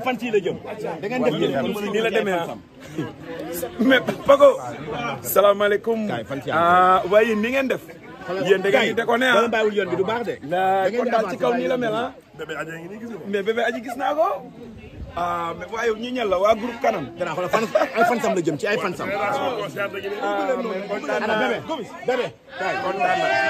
ci fan yii la jëm. da ngeen def yéen nii la demee ah. mais Pago. salaamaaleykum. ah waaye ni ngeen def. yéen da ngeen di déconné ah. bàyyiwul yoon bi du baax de. la kon daal ci kaw la mel ah. mais bébé aji gis naa ko. ah mais waaye ñu ñal la waa groupe kanam. danaa xool fan ay fan sam la jëm ci ay fan sam. ah mais kontaan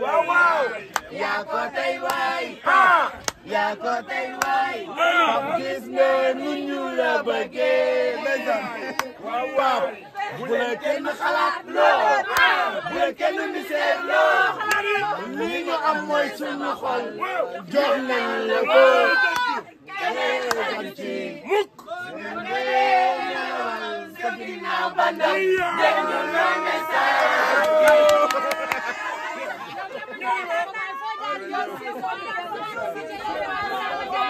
waaw yaa ko tey waay ah yaa ko tey waay pap gis nga nu ñu la bëggee waaw bu la kenn xalaat loo bu la kenn misee loo li ñu am mooy suñu xol jox nañ la ko mukk Sabina Bandam déglu nga message Thank you.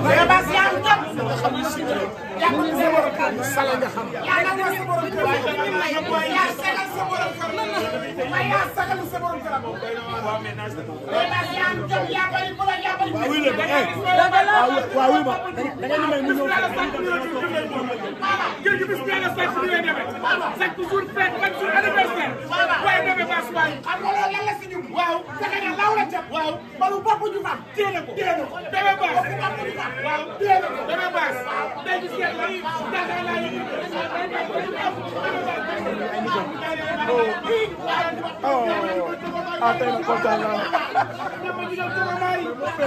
Abass yaa ngi jot. nga xam ne si biir sala nga xam. yaa ngi sa borom kër yaa sagal sa borom kër waaye yaa sagal sa borom kër. Abass yaa ngi jot yaa bëri mu la yaa bëri. waaw wuyu la ba eh. waaw wuyu ma da nga ñu may million. kër gi bis nga sant bi lay demee. chaque jour fête chaque jour anniversaire. waaye demee baas waay. xam nga loolu lan la si ñun. waaw fexe na law la jëm. waaw balu bopp ju fa. téye na ko téye na ko demee baas. waaw téye ko dana baas tey gis ngeen la yaakaar naa ne ah tey nag kontaan naa.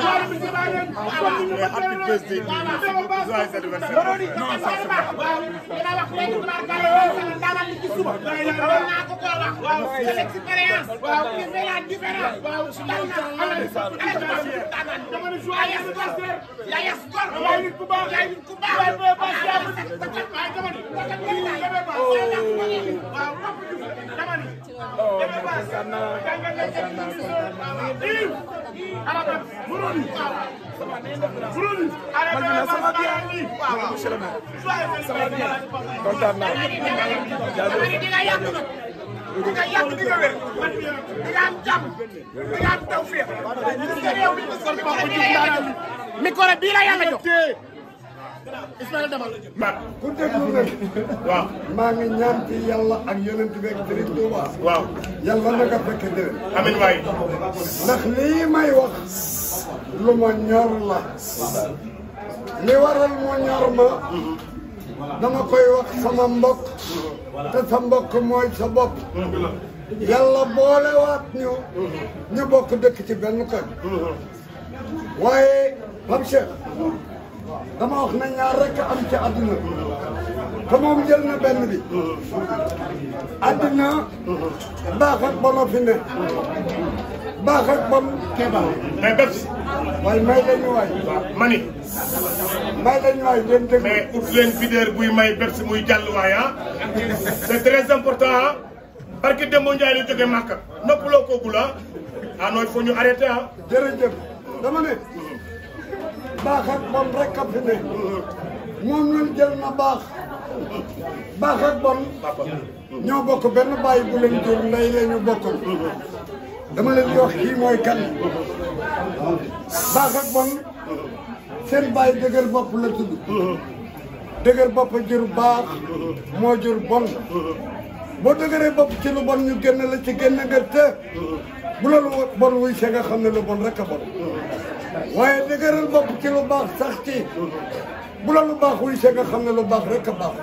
ah tey nag def góor yaay nit ku baax yaay nit ku baax yaay bee baax yaay nit ku baax waaye dama ni waaw dama ni dama baax jàngal na iim arabam mënoon mënoon man dina sama bien waaw monsieur le maire sama bien kontaan naa jaajëf di nga yàgg di nga wér di nga am jàmm di nga am tawfeex micro bii la yàlla jox Ismaël demal la jëm. ku déglu nag. waaw ngi ñaan ci ak yonent bi ak Sëriñ Tuuba. na nga fekk déwén. amiin waay. ndax may wax lu ma la. li waral mu ma. dama koy wax sama mbokk mooy sa bopp yàlla boolewaat ñu ñu bokk dëkk ci benn koñ waaye Pape Cheikh dama wax na ñaar rek am ci àdduna te moom jël na benn bi àdduna baax ak bono fi ne baax ak moom Kéba. mais bépp si. may leen waay. mani. may leen waay ngeen dégg. mais ut leen videur buy may bépp muy jàll waay ah. c'est très important ah. parce que Demba Ndiaye la jógee Màkka. noppaloo kooku la ah. ah non il faut ñu arrêter ah. jërëjëf dama ne. baax ak moom rek a fi ne. moom ñun na baax. baax ak bon. ñoo bokk benn bàyyi bu leen jur ndey la ñu bokkal. dama leen di wax mooy kan baax ak bon seen bàyyi dëgër bopp la tudd dëgër bopp jur baax moo jur bon boo dëgëree bopp ci lu bon ñu génn la ci génn nga të bu loolu bon wuy see nga xam ne lu bon rek a bon waaye dëgëral bopp ci lu baax sax ci bu la lu baax wuy see nga xam ne lu baax rek a baax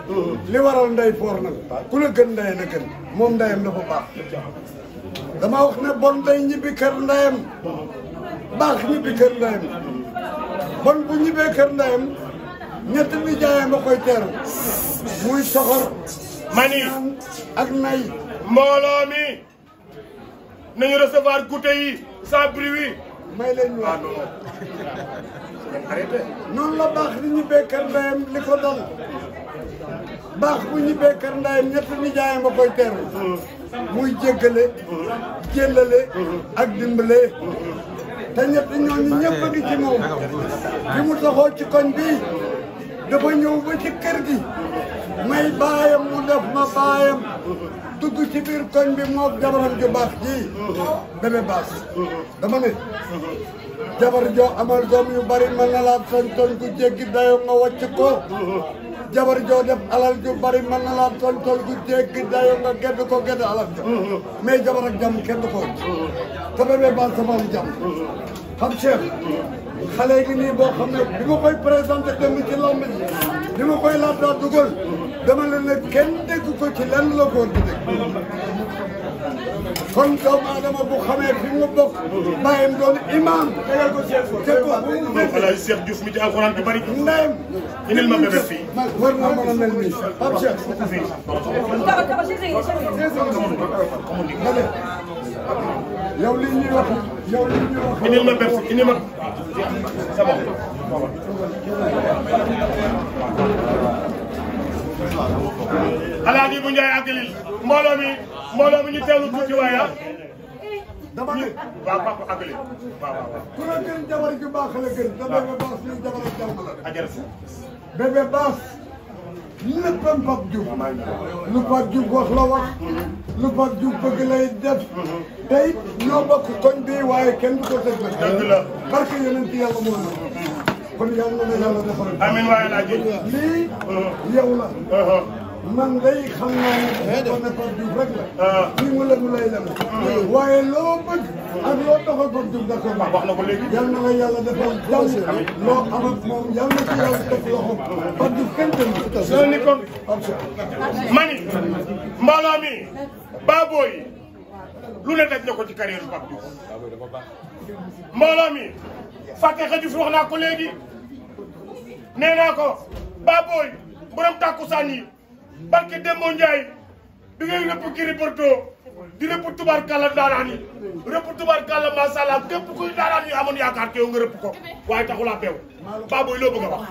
li waral ndey foor nag ku la gën ndey na gën moom ndeyam dafa baax dama wax ne bon day ñibbi kër ndeyam baax ñibbi kër ndeyam bon bu ñibbee kër ndeyam ñett bi jaayam a koy teeru muy soxor mani ak nay mbooloo mi nañu recevoir goûter yi sans bruit may leen ñu wax la baax di ñibbee kër ndeyam li ko dal baax bu ñibbee kër ndeyam ñett bi jaayam koy teeru muy jéggale jéllale ak dimbale te ñett ñooñu ñëpp a ngi ci moom bi mu taxoo ci koñ bi dafa ñëw ba ci kër gi may baayam mu def ma baayam dugg ci biir koñ bi moo jabaram ju baax ji bébé jabar joo amal doom yu bari mën na laa soñ jéggi dayo nga wàcc ko jabar joo def alal ju man a na laa tol tol gu jéggi dayoo nga gedd ko gedd alal ja mais jabar ak jàmm kenn du ko te bébé ba safaani jàmm xam Cheikh xale yi nii boo xam ne bi ma koy présenté dem ci lamb ji bi ma koy laataa dugal dama leen kenn dégg ko ci lenn la góor kon doomu aadama bu xamee fi mu bokk bàyyam doon imam tegal ko Cheikh Diouf tegal ko Cheikh Diouf mi ci alxuraan bi bari ndeyam inel ma bébé fii war na mën a mel nii Pape Cheikh yow li ñuy wax yow li ñuy wax inel ma bébé inel ma sa bopp alaaji bu Njaay àggalil mbooloo mi mbooloo mi ñu teewlu tuuti waaye ah. dama ne waaw papa àggale waaw waaw waaw. ku la gën jabar gi baax la gën. waaw te bébé baas suñu jabar ak jàmm la. ajaras bébé baas. léppam Pape Diouf lu Pape Diouf wax la wax lu Pape Diouf bëgg lay def tey ñoo bokk koñ bi waaye kenn du ko def la barke yonent yàlla moo la kon yàlla na yàlla defal amiin waaye laa lii uh-huh. yow la uh-huh. man day xam naa ne dafa ne Pape Diouf rek la. ni ah. mu lëkk lay lëkk. Ah. waaye loo bëgg. ak loo doxal Pape Diouf da ko baax. wax na ko léegi yal na ko yàlla defal jàmm. loo am ak moom yal na ci yàlla def loxo. Pape Diouf kenn demul. soo ni ko mani mbooloo mi baaboo yi lu ne daj na ko ci carrière Pape Diouf mbooloo mi fàtte xaju fi wax naa ko léegi nee naa ko baaboo yi borom tàkkusaan yi barke Demba Ndiaye bi ngay rëpp Gris Bordeaux di rëpp tubaarkàlla daaraan yi rëpp tubaarkàlla macha allah képp kuy daaraan yi amoon yaakaar teew nga rëpp ko waaye taxulaa beew Baboy loo bëgg a wax.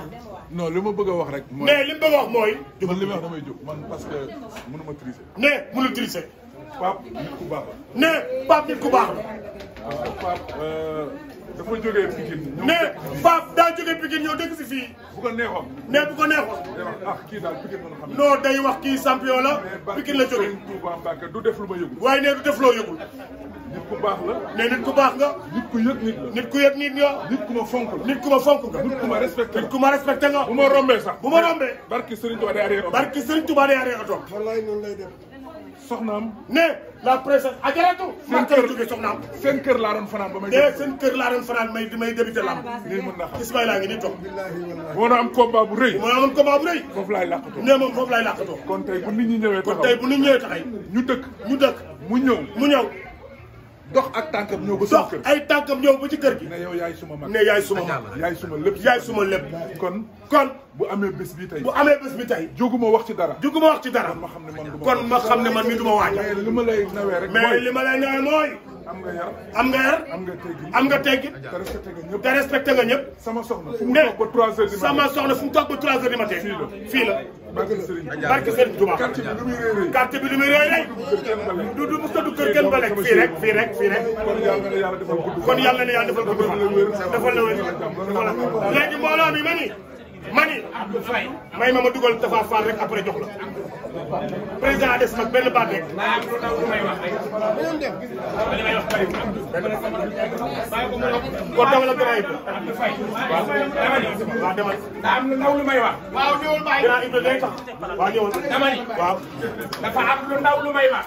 non li ma bëgg a wax rek. mooy mais li mu bëgg a wax mooy. man li ma wax damay jóg man parce que mënu ma triser. ne mënu triser. Pape nit ku baax la. ne Pape nit ku baax la. waaw euh, Pape. Euh, dafa jógee Pikine ñëw mais daa jógee Pikine ñëw dëkk si fii. bu ko neexoon mais bu ko neexoon. day wax ah kii daal Pikine mën a xam. non day wax la Pikine la jógee. du def lu ma yëgul. waaye nee du def loo yëgul. nit ku baax la. mais nit ku baax nga. nit ku yëg nit nga. nit ku ma fonk nit ku ma fonk nga. nit ku ma respecté nga. bu ma rombee sax bu ma rombee. day arrière oto. ne. la princesse ajaratu. Ah, seen kër la soxnaam. fanaan ba may. dégg seen kër ah, na xam Ismaïla a ngi nii toog. moo na am combat rëy. moo na am rëy. foofu laay làqatoo nee moom foofu laay làqatoo. kon tey ñi ñëwee taxaw kon ñu dëkk ñu dëkk. mu ñëw mu ñëw. dox ak tànkam ñëw ba sama kër dox ay tànkam ñëw ba ci kër gi. ne yow yaay suma mag ne yaay suma mag kon kon. bu amee bés bi bu amee bés bi tey. juguma wax ci dara. juguma wax ci dara kon ma xam ne man du ma kon ne ma lay nawee rek. mooy am nga yar am nga yar am nga nga teggin te sama soxna fu toog ba trois heures du matin fii la fii la barke Serigne Touba a dugg kër ba lekk fii rek fii rek fii rek kon yàlla na yàlla defal gudd fan defal la wér léegi mbooloo mi ma ni ma ni may ma ma dugal Tafa Fall rek après jox la président des nag benn baat rek. may wax rek. li may wax bàyyiwul. kon dama la gën a yëg. waaw waaw demal. daa am lu ndaw lu may wax. waaw ñëwul bàyyi. gannaaw Ibra day tax. waaw ñëwul. dama ni waaw. dafa am lu ndaw lu may wax.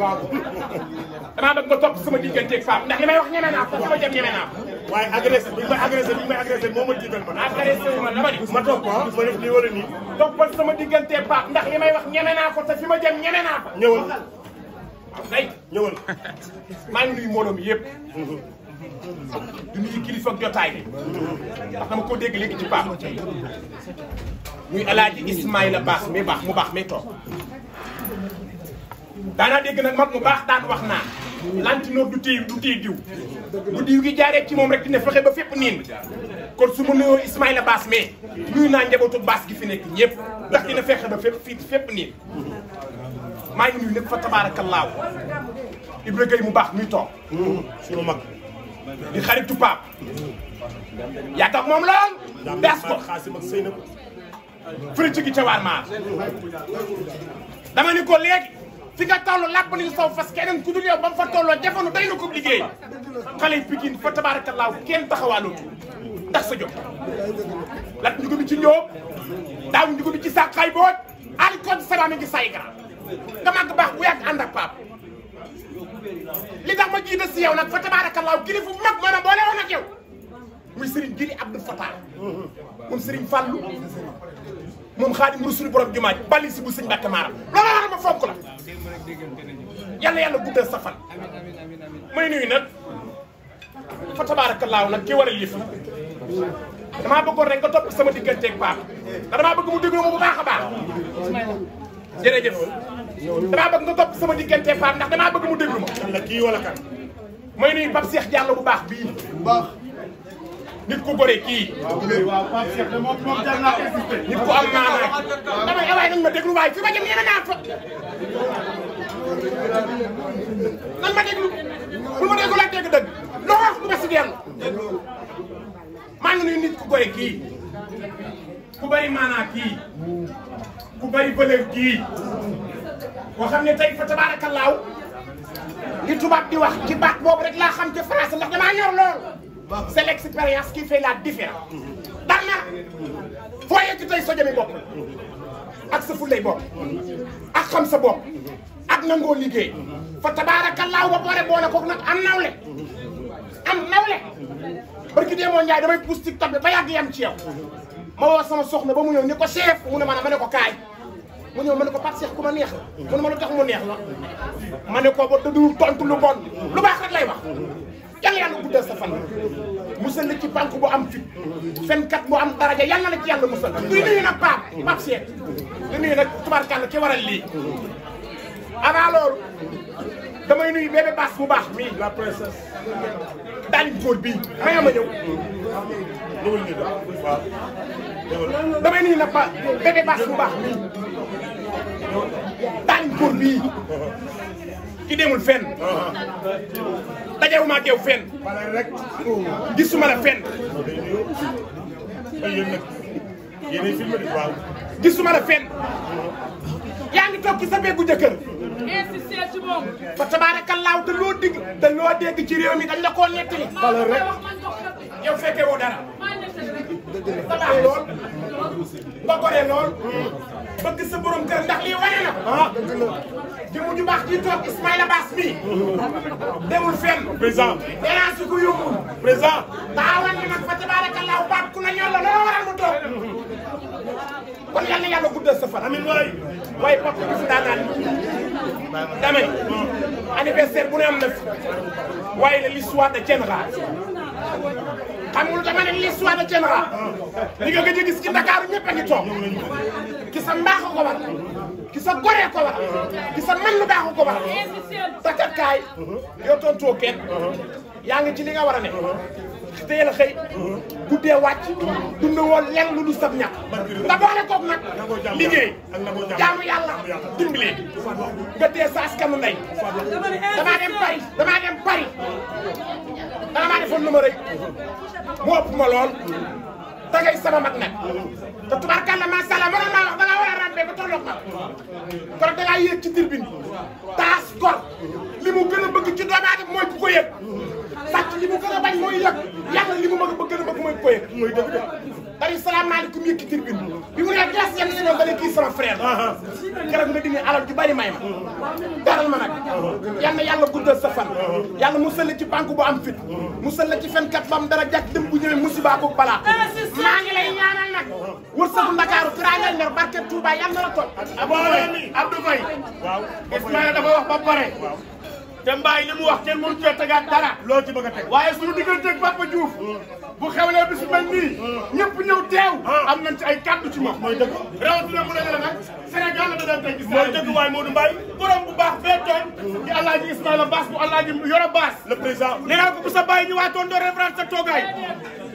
waaw. damaa bëgg nga topp sama digganteeg Pape ndax li may wax ñeme naa ko sama jëm ñeme naa ko. waaye agressé bi ñu may agressé bi ñu may agressé moo ma jiital ma. agressé wu ma dama ni. ma topp ah. ma def nii wala nii. toppal sama digganteeg Pape ndax may wax ñeme naa ko te fi ma jëm ñeme naa ko. ñëwal day ñëwal. maa ngi nuyu mbooloo mi du nuyu kilifa ak jotaay bi. ndax dama ko dégg léegi ci baax. muy El Hadj Ismaïla baax mi baax mu baax mi toog. daanaa dégg nag mag mu baax daan wax naa lantinoor du téye du téye diw bu diw gi jaaree ci moom rek dina fexe ba fépp niin kon su ma nuyoo Ismaïla Bass mais naa njabootu baas gi fi nekk ñëpp ndax dina fexe ba fépp fii fépp nii maa ngi nuyu nag fa tabaarakallaahu Ibra mu baax muy to suñu mag di xaritu Pape yaa tax moom la bees ko firi ci gi cawaar maar dama ni ko léegi fi nga toll làkk ni saw fas keneen ku dul yow ba mu fa tolloo jafandu day na ko liggéey xale yi Pikine fa tabaarakallaahu kenn taxawaaloo ndax sa jom lat ñu ko mi ci ñoom daaw ñu ko mi ci sàqaay booj aali koon saraame ngi say grand nga baax bu yàgg ànd ak pap li tax ma jiite si yow nag fa tabaarakallaahu kilifa bu mag moo ma boole woon ak yow muy Serigne Giri Abdou Fatah moom Serigne Fallou moom Xaadim Rasul borom jumaa ji bali si bu sëñ Mbàkke Maaram loolu wax ma fonk la yàlla yàlla guddal sa fan may nuyu nag fa tabaarakallaahu nag ki war a yëf damaa bëggoon rek nga topp sama digganteeg Pape damaa bëgg mu déglu ma bu baax a baax. jërëjëf damaa bëgg nga topp sama digganteeg Pape ndax damaa bëgg mu déglu ma. la kii wala kan. may nuyu Pape Cheikh Diallo bu baax bii. baax nit ku gore kii. waaw Pape Cheikh moom moom jar naa exister. nit ku am maanaam. dama ne waaye nañ ma déglu waaye fi ma jëm yéen a naan fa. nan ma déglu. bu ma déglu ak dégg-dëgg. loo wax du ma si dellu. maa ngi nuyu nit ku gore kii ku bari maanaa kii ku bari valeur kii koo xam ne tey fa tabaarakallaaw li tubaab di wax ci baat boobu rek laa xam ci français ndax damaa ñor lool c'est l'expérience qui fait la différence daan na foo yegg tey sa jëmi bopp ak sa fullay bopp ak xam sa bopp ak nangoo liggéey fa tabaarakallaaw ba boole boole kook nag am nawle barki demoo Ndiaye damay pousse TikTok bi ba yàgg yam ci yow ma woo sama soxna ba mu ñëw ni ko chef mu ne maanaam ma ne ko kaay mu ñëw ma ne ko Pape Cheikh ku ma neex la mu ne ma lu tax mu neex la ma ne ko ba dadul tontu lu bon lu baax rek lay wax yàlla yàlla guddal sa fan musal na ci banque bu am fit fenkat bu am daraja yàlla na ci yàlla musal di nuyu nag Pape Pape Cheikh di nuyu nag tubaarkàlla ki waral lii avant loolu damay nuyu bébé bas bu baax mii la princesse daal góor bii may ma ñëw ñëwul nii damay nuyu nag ba bébé bas baax mii daal bii ki demul fenn dajewuma ak yow fenn gisuma la fenn gisuma la fenn yaa ngi toog ci sa beegu jëkkër insister ci moom fa tabaarakallaahu te loo digg te loo dégg ci réew mi dañ dara ba lool ba gore lool kër ndax lii wane na ah di mujj baax ci toog Ismaïla Bass mi demul fenn président danaa si ko yóbbul président ku la ñor la loo mu toog kon yal yàlla guddal sa fan amiin waay waay papa fi daanaan dama ni anniversaire bu ne am waaye la l'histoire de Thiénaba xam nga lu dama ne l'histoire de Thiénaba li nga gëj a gis ci Dakar ñëpp a ngi ki sa mbaax ko war ki sa goree ko war ki sa mën lu ko war takat kaay yow tontoo kenn yaa ngi ci li nga war a ne teel a guddee wàcc dund woon lenn lu dul sab nga boole koog nag liggéey jaamu yàlla dimbali nga dee sa askanu ndey damaa dem Paris damaa dem Paris damaa da ngay sama mag nag te tubaarkàlla macha allah mënoon naa wax da ngaa war a ràmbee ba tolloog ma kon da ngaa yéeg ci taas gor li mu gën a bëgg ci doomu sàcc li mu a bañ mooy yëg yàlla li mu mag a gën a bëgg mooy poye mooy dëgg de dari salaamaaleykum yëkki tribune bi mu ne gas yan si noonu ba ne kii alal ju bari may ma daral ma nag yal na yàlla guddal sa fan yàlla musal la ci banque bu am fit musal la ci fenkat ba am dara jàkk dem bu ñëwee musiba ko balaa ah, maa ngi lay ñaanal nag wërsëgu Ndakaaru tiraangal ner barke Touba yal na la toj Abdou Faye Abdou Faye waaw Ismaïla dafa te mbaay li mu wax kenn mënu cee tegaat dara. loo ci bëgg a teg waaye suñu digganteeg Papa Diouf. bu xewlee bis mel nii. ñëpp ñëw teew. Ah. am nañ ci ay kàddu ci moom. mooy dëgg rawatina mu ne la nag Sénégal la da daan teg. mooy dëgg waaye Modou Mbaye borom bu baax bee tooñ. di El Hadj Ismaïla Bass bu El Hadj Yoro Bass. le président nee naa ko bu sa bàyyi ñëwaatoon doo référence sa toogaay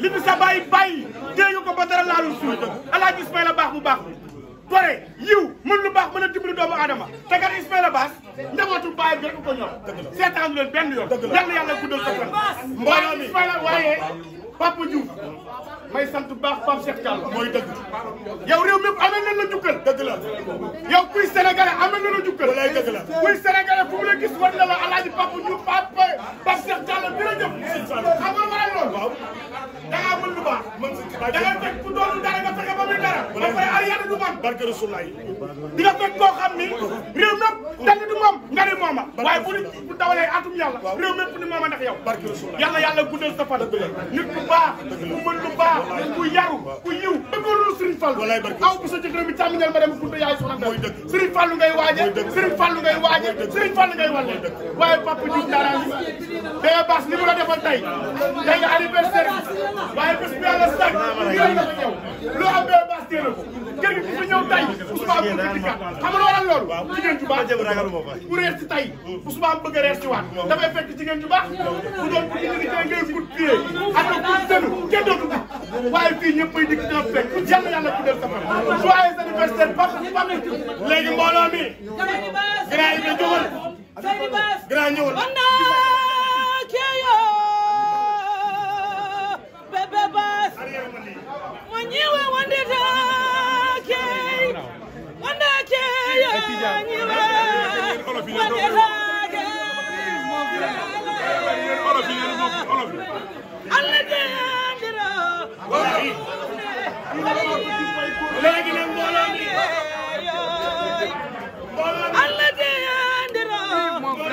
li bu sa bàyyi bàyyi dégg ko ba laalu suuf El Hadj Ismaïla gore yiw mën lu baax mën a dimbali doomu aadama te kat Ismaïla Bass njabootu baayam bi rek ko ñor seetaan leen benn yoon yàlla yàlla guddal sa fan waaye Ismaïla waaye Papa Diouf may sant bu baax Pape Cheikh Diallo mooy dëgg yow réew mépp amel nañ la jukkal dëgg la yow da ngaa mën lu baax da ngay fekk ku doonul dara nga fexe ba muy dara ba pare ariyaana du man barke rasulaay di nga fekk koo xam ni réew mépp du moom nga mooma waaye bu ni bu dawalee atum yàlla réew mépp ni mooma ndax yow yàlla yàlla guddal sa fan nit bu baax ku mën lu baax ku yaru ku yiw bëggoo loolu Serigne Fallou aw bu sa jëkkër bi càmmiñal ma dem Kounta yaay soxna Serigne Fallou ngay waaje Serigne Fallou ngay waaje Serigne Fallou ngay walle waaye Papa Diouf daara bi bee baas ni mu la defoon tey tey nga anniversaire bi waaye bés bu yàlla sàkk yéen dafa ñëw loo am bee baas téye ko kër ku fi ñëw tey Ousmane bëgg a dikkaat xam nga loolu loolu jigéen ju baax bu rees ci tey Ousmane bëgg a rees ci waat dafay fekk jigéen ju baax bu doon ku ci liggéey ngay gut pied ak gut waaye fii ñëpp ay dikk ñoo fekk ku jàng yàlla ku del safar joyeux anniversaire papa papa léegi mbooloo mi grand yi jógal grand ñëwal Allah léegi nag mbooloo mi alla de andiro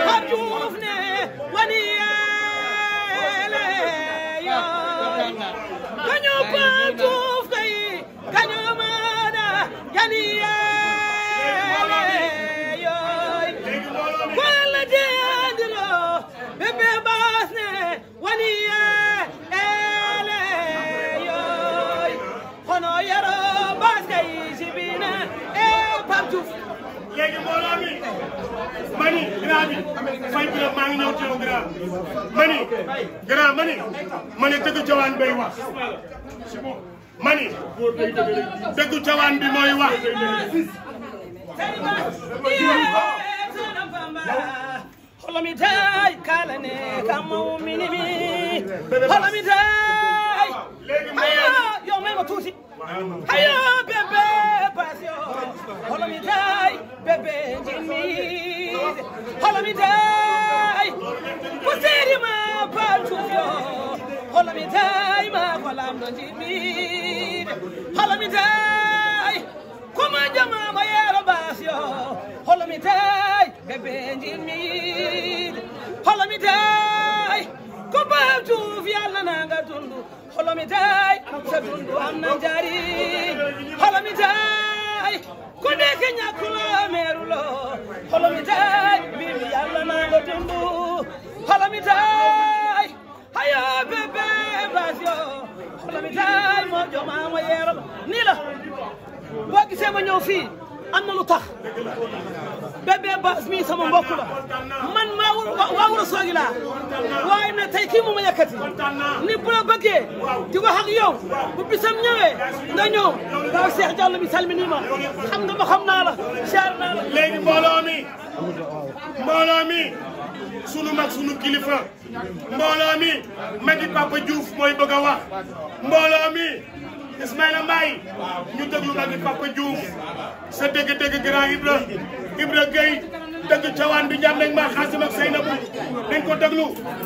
Pape Diouf ne wani yeele yo kañu Pape Diouf kay léegi mbooloo mi ma ni grand bi fay bi maa ngi ñëw teew grand ma ni grand ma ni dëgg jawaan bay wax ma ni dëgg jawaan bi mooy wax holomi day kalane kamma yo mema tuuti ayo bébé passion xolo mi day bébé njini xolo mi seeri ma patuyo xolo mi day ma kolam no njini xolo mi day koma ma yero basio xolo mi day bébé njini xolo ku baab tuuf yàlla na nga dund xolomi tay am na njariñ xolomi tay ku nekk ñàkkuloo meeruloo xolomi tay mbir mi yàlla na nga dund xolomi tay haya bébé baas yoo nii la boo gisee ma ñëw fii am na lu tax bébé baas mii sama mbokk man maa wul waa waaye nag tey kii moom a yëkkati ni di wax yow bu bisam ñëwee nga ñëw daaw Cheikh Diallo bi salmi nii xam nga ma xam naa la jaar naa la. léegi sunu mag sunu kilifa mbooloo mi magi Papa Diouf mooy bëgg wax mbooloo Ismaïla Mbaye ñu déglu nag Papa Diouf sa dégg-dégg grand Ibra Ibra Gueye dëgg cawaan bi jàmm nañ ma xaasim ak Seynabou dañ ko déglu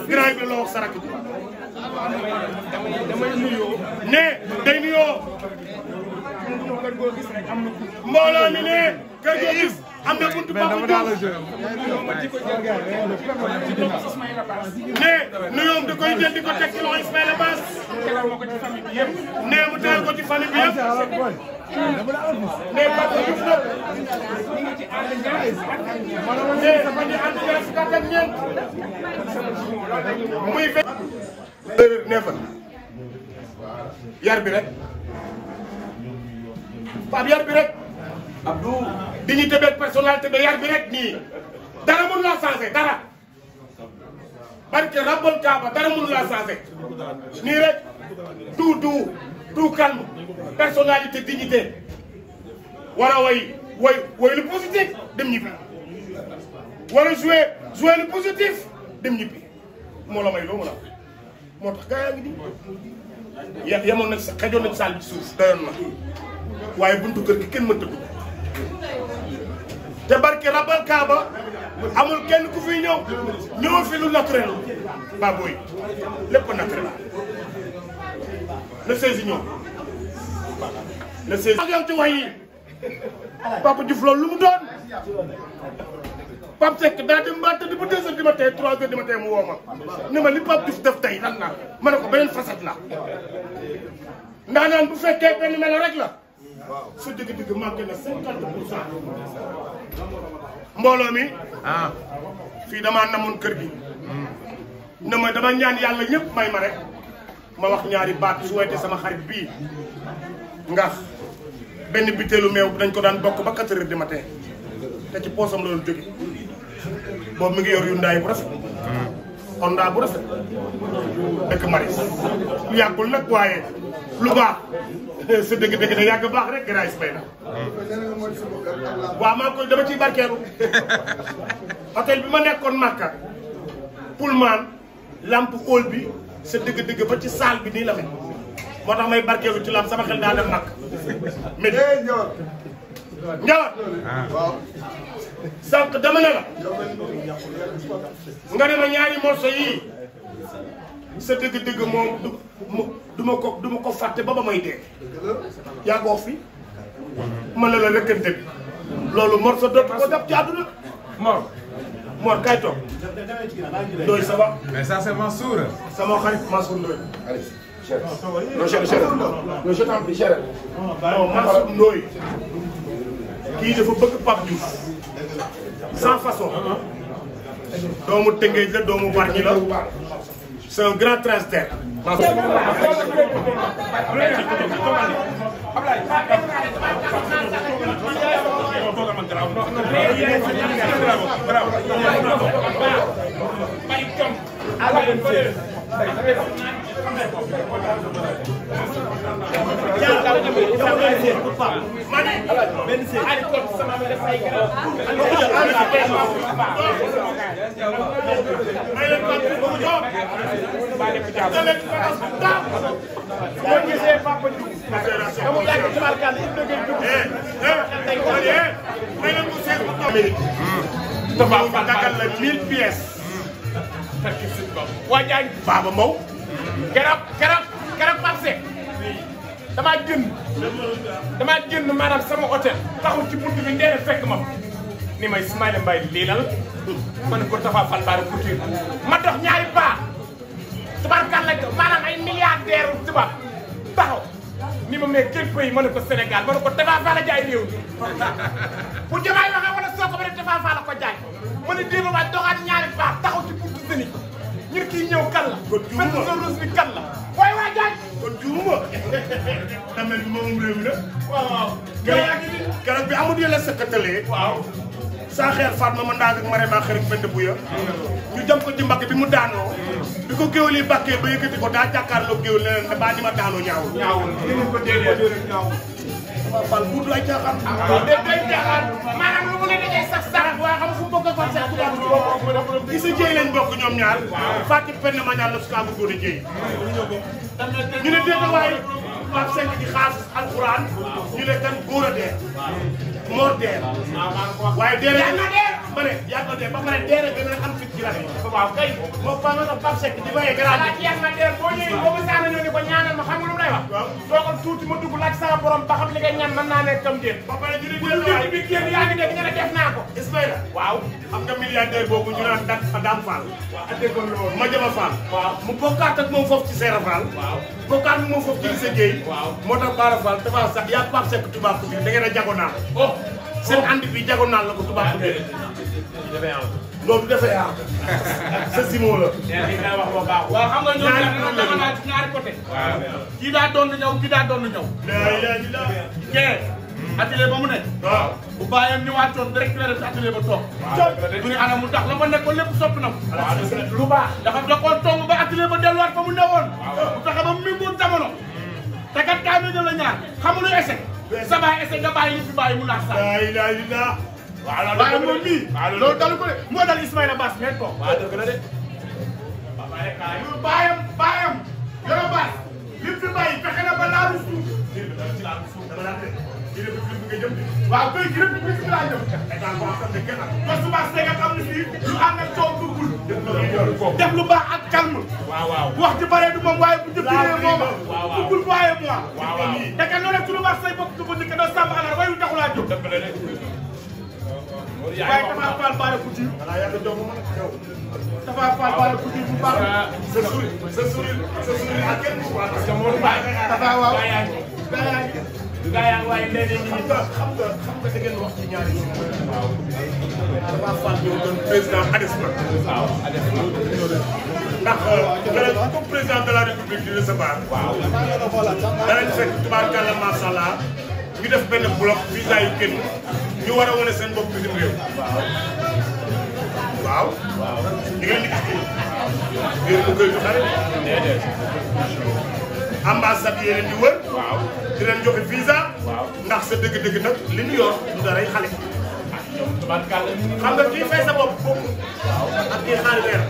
grand Ibra la wax sa rakk damay nuyoo ne day mbooloo mi ne kër goo gis am na buntu Papa Diop mais nuyoom da koy jël di ko teg ci Ismaïla Bass nee mu teel ko ci famille bi yëpp nee Papa Diop nag nee ba ñu ànd ñaar fukk ak ñeent muy fekk erreur ne fa yar bi rek Pape yar bi rek Abdou dignité beeg personnalité ba yar bi nii dara mënu laa changé dara barke rabbal kaaba dara mënu laa changé nii rek tout tout tout calme personnalité dignité war a way way way lu positif dem ñibbi war a jouer jouer lu positif dem ñibbi moo la may loo mën a moo tax gaa yaa ngi nii yemoon nañ sa xajoon nañ saal bi suuf doyoon waaye buntu kër gi kenn mënta dugg te barke rabal kaaba amul kenn ku fi ñëw ñëw fi lu naturel ba boy lépp naturel na saisi ñëw na saisi ak yow ci wax yi loolu lu mu doon Pape Seck daa dem ba tëdd ba deux heures du matin trois heures du matin mu woo ne ma li Pape Diouf def tey lan la ma ne ko beneen façade la ndaanaan bu fekkee benn melo rek la su dëgg-dëgg màgg na cinquante pour cent mbooloo mi ah. fii damaa namoon kër gi hmm. na ma dama ñaan yàlla ñëpp may ma rek ma wax ñaari baat su wayte sama xarit bii ngax benn biteelu meew dañ ko daan bokk ba quatre heures du matin te ci poosam loolu jóge boobu mi ngi yor yu bu rafet hmm. Honda bu rafet dëkk Maris lu yàggul nag waaye lu sa dëgg-dëgg ne yàgg baax rek garaay si na. waaw maa koy dama ciy barkeelu. hôtel bi ma nekkoon Màkka. Pullman lampe hall bi sa dëgg-dëgg ba ci salle bi nii la mel. moo tax may barkeelu ci lampe sama xel daa dem Màkka. mais Ndiawar. dama ne la. nga ne ma ñaari morso yii. sa dëgg-dëgg moom du duma ko duma ko fàtte ba ba may dee yaa ko wax fi mën na la rëkkante bi loolu Mor sa dootu ko def ci àdduna Mor Mor kay toog doy ça va mais ça c'est Mansour sama xarit Mansour Ndoye non cher cher non je t'en prie cher non Mansour Ndoye kii dafa bëgg Pape Diouf sans façon doomu tëngeej la doomu wàññi la c'est un grand transfert. Baba Maw garab garab keroog marché damaa génn damaa génn maanaam sama hôtel taxaw ci bunt bi ndee fekk ma ni may Ismaïla Mbaye lii ma ne ko Tafa Fall Bara ma dox ñaari paa tubaarkàlla maanaam ay milliardaire tubaab taxaw ni ma mais quel ma ne ko Sénégal ma ne ko Tafa a jaay réew mi bu jamaay waxee wala soo ko ma ne Tafa a ko jaay ma ne déeba waay doxaat ñaari paa taxaw ci buntu Sénégal ngir kii ñëw kan la. kon bi kan la. waaye waa jaaj. kon juuma. tamit moom réew mi la. waaw waaw. garab bi amul yàlla sëkkatalee. waaw. saa xeer Fatma ma ndaag ak ma bi mu daanoo. bi ko géwél yi bàkkee ba yëkkati géwél ne leen ma daanoo ñaawul. ñaawul ñu ko déedéet ñaawul. waaw Fall bu dul ay caaxaan. mu ne dajee sax waa xam fu ci sa jéy lañ bokk ñoom ñaar fàtte penn ma ñaar la su góor a jéy ñu ne déeta waaye Pape Seck di xaas alxuraan ñu ne góor a deer moor deer waaye deer ma ne yàgg na de ba pare dee na gën a am ci rajo yi. waaw moo fa nga Pape Seck di maye garaaj. waaw jeex na de boo ñëwee boo ma ne ma xam nga lu lay wax. waaw tuuti ma dugg laaj sama borom ba xam li ngay ñaan mën naa nekk tam déet. ba pare jërëjëf waay bu ñu bi génn yaa ngi dégg ñu ko. Ismaïla waaw xam nga milliardaire boobu ñu naan Dak Dame Fall. waaw ak mu bokkaat ak moom foofu ci ci Lissa Gueye. moo tax Bara Fall dafa sax yaa Pape Seck tubaab ko bi da ngeen a jago naa seen ànd bi diagonal la ko tubaab tuddee. loolu dafay ànd. sa simo la. wax moo baax. waaw xam nga ñoom ñaari ñaari ñaari kii daa doon na ñëw kii daa doon na ñëw. ba mu nekk. waaw bu bàyyeem ñëwaatoon direct la def si atelier ba toog. mu ne ana mu tax la ma nekkoon lépp soppi na ko. lu baax dafa doxoon tong ba atelier ba delluwaat fa mu newoon. waaw bu tax ba mu mën jamono. te kat kaa na jël la ñaar xamulu échec sa baay échec nga bàyyi li fi bàyyi mu naax sa lailaila waaye moom mii loolu ko de moo dal Ismaïla Bass meen ko waaw la de baayam baayam yoro Bass li fi bàyyi fexe na ba laalu suuf nga jëm waaw kër gi rek bis bi laa jëm état boo xam ne kenn parce que baax nga xam ne fii lu ànd ak coow bëggul def lu baax ak calme waaw waaw wax ci bare du moom waaye bu jëppee moom bëggul waaye moi te kan loolu rek lu baax say bokk du ko njëkk doo sàmm alal wayu taxu laa jóg waaye dafa faal baale ku ci dafa faal baale ku ci bu baax sa sourire sa sourire sa sourire ak kenn bu baax dafa waaw gaa yaa ngi waaye léeg-léeg ñu ngi président ADESPA. waaw ndax euh, keroog comme président de la république di recevoir. waaw danañ fekk tubaarkàlla macha allah ñu def benn bloc visa yu kenn ñu war a wane seen bopp bitim réew. waaw. waaw di ngeen di di wër. visa. ndax sa dëgg-dëgg nag li ñu yor xale. xam nga kii fay bopp boobu ak kii xaar weer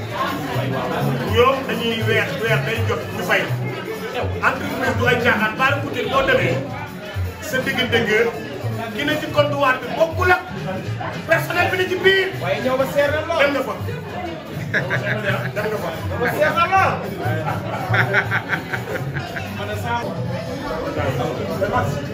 ñoom dañuy weer weer day jot ñu fay entreprise du ay caaxaan baal kutil boo demee sa dëgg-dëgg ki ne ci comptoir bi bokkul ak personnel bi ne ci biir. waaye ñëw fa.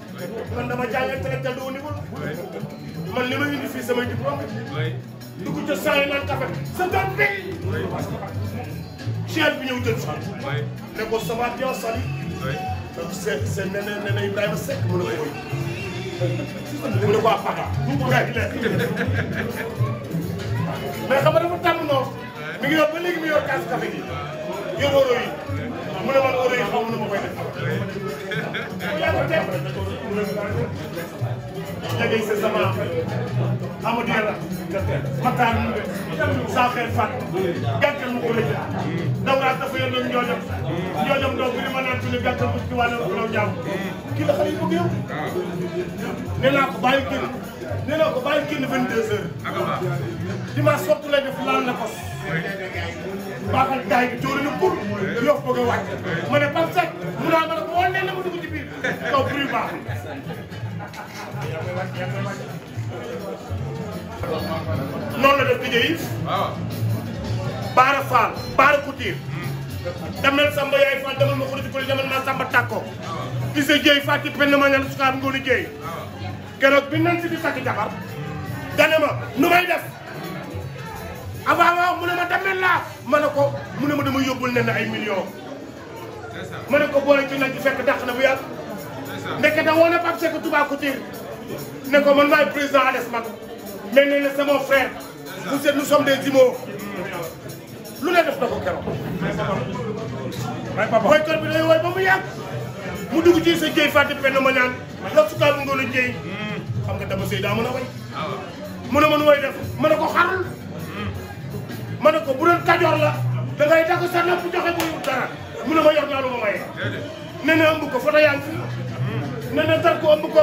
man dama jàng intellectuel de haut niveau man li ma indi fii samay diplôme dugg ca saa yi naan kafe sa doon bi chef bi ñëw jël si ne ko ça va bien Sali c'est c'est ne ne ko ak papa bu mu ah, rek lekk mais xam nga dafa tàmm mi ngi yor ba kaas kafe gi yor yi mu ne man oore yi xaw ma nu ma koy def. jege sa sama Amadou Yàlla Matar saa xel fat gàttal mu ko rëcc dawraat dafa yor doon njoojam njoojam doog bi li ma naan tuñu gàttal mu ci wàllu law jàmm kii la xale yi bëgg yow nee naa ko bàyyi kenn nee naa ko bàyyi kenn vingt-deux heures dimanche sotti la def laal na ko baaxal daay bi bëgg a wàcc ma ne Pape Seck mu naa ma ne ko wane na ma dugg ci biir kaw prix baax noonu la def liggéey yi Baara Fall Baara Couture damel Samba Yaay Fall damel ma ko ci damel ma Samba Takko Issa Dieye Fati Penda ma ñaan sukaar Ngoone Dieye keroog bi nan si di sakk jabar dane ma nu may def avant nga wax mu ne ma damel laa ma ne ko mu ne ma dama yóbbul nen ay millions ma ne ko boole ci nag fekk dàq na bu yàgg ndekete woo na Pape Seck Touba Couture ne ko man maay président ADES man mais nee na c'est mon frère monsieur nous sommes des jumeaux lu ne def na keroog. ba mu yàgg mu dugg ci sa jëy fàtte penn ma ñaan la sukaa bu ngoon a jëy xam nga dama sëy daa mën a way mën a mën way def mën a ko xarul mën a ko bu doon kajoor la da ngay dagg sa nopp joxe bu dara mu ne ma yor naa lu ma maye. nee na ëmb ko foto yaa tar ko ëmb ko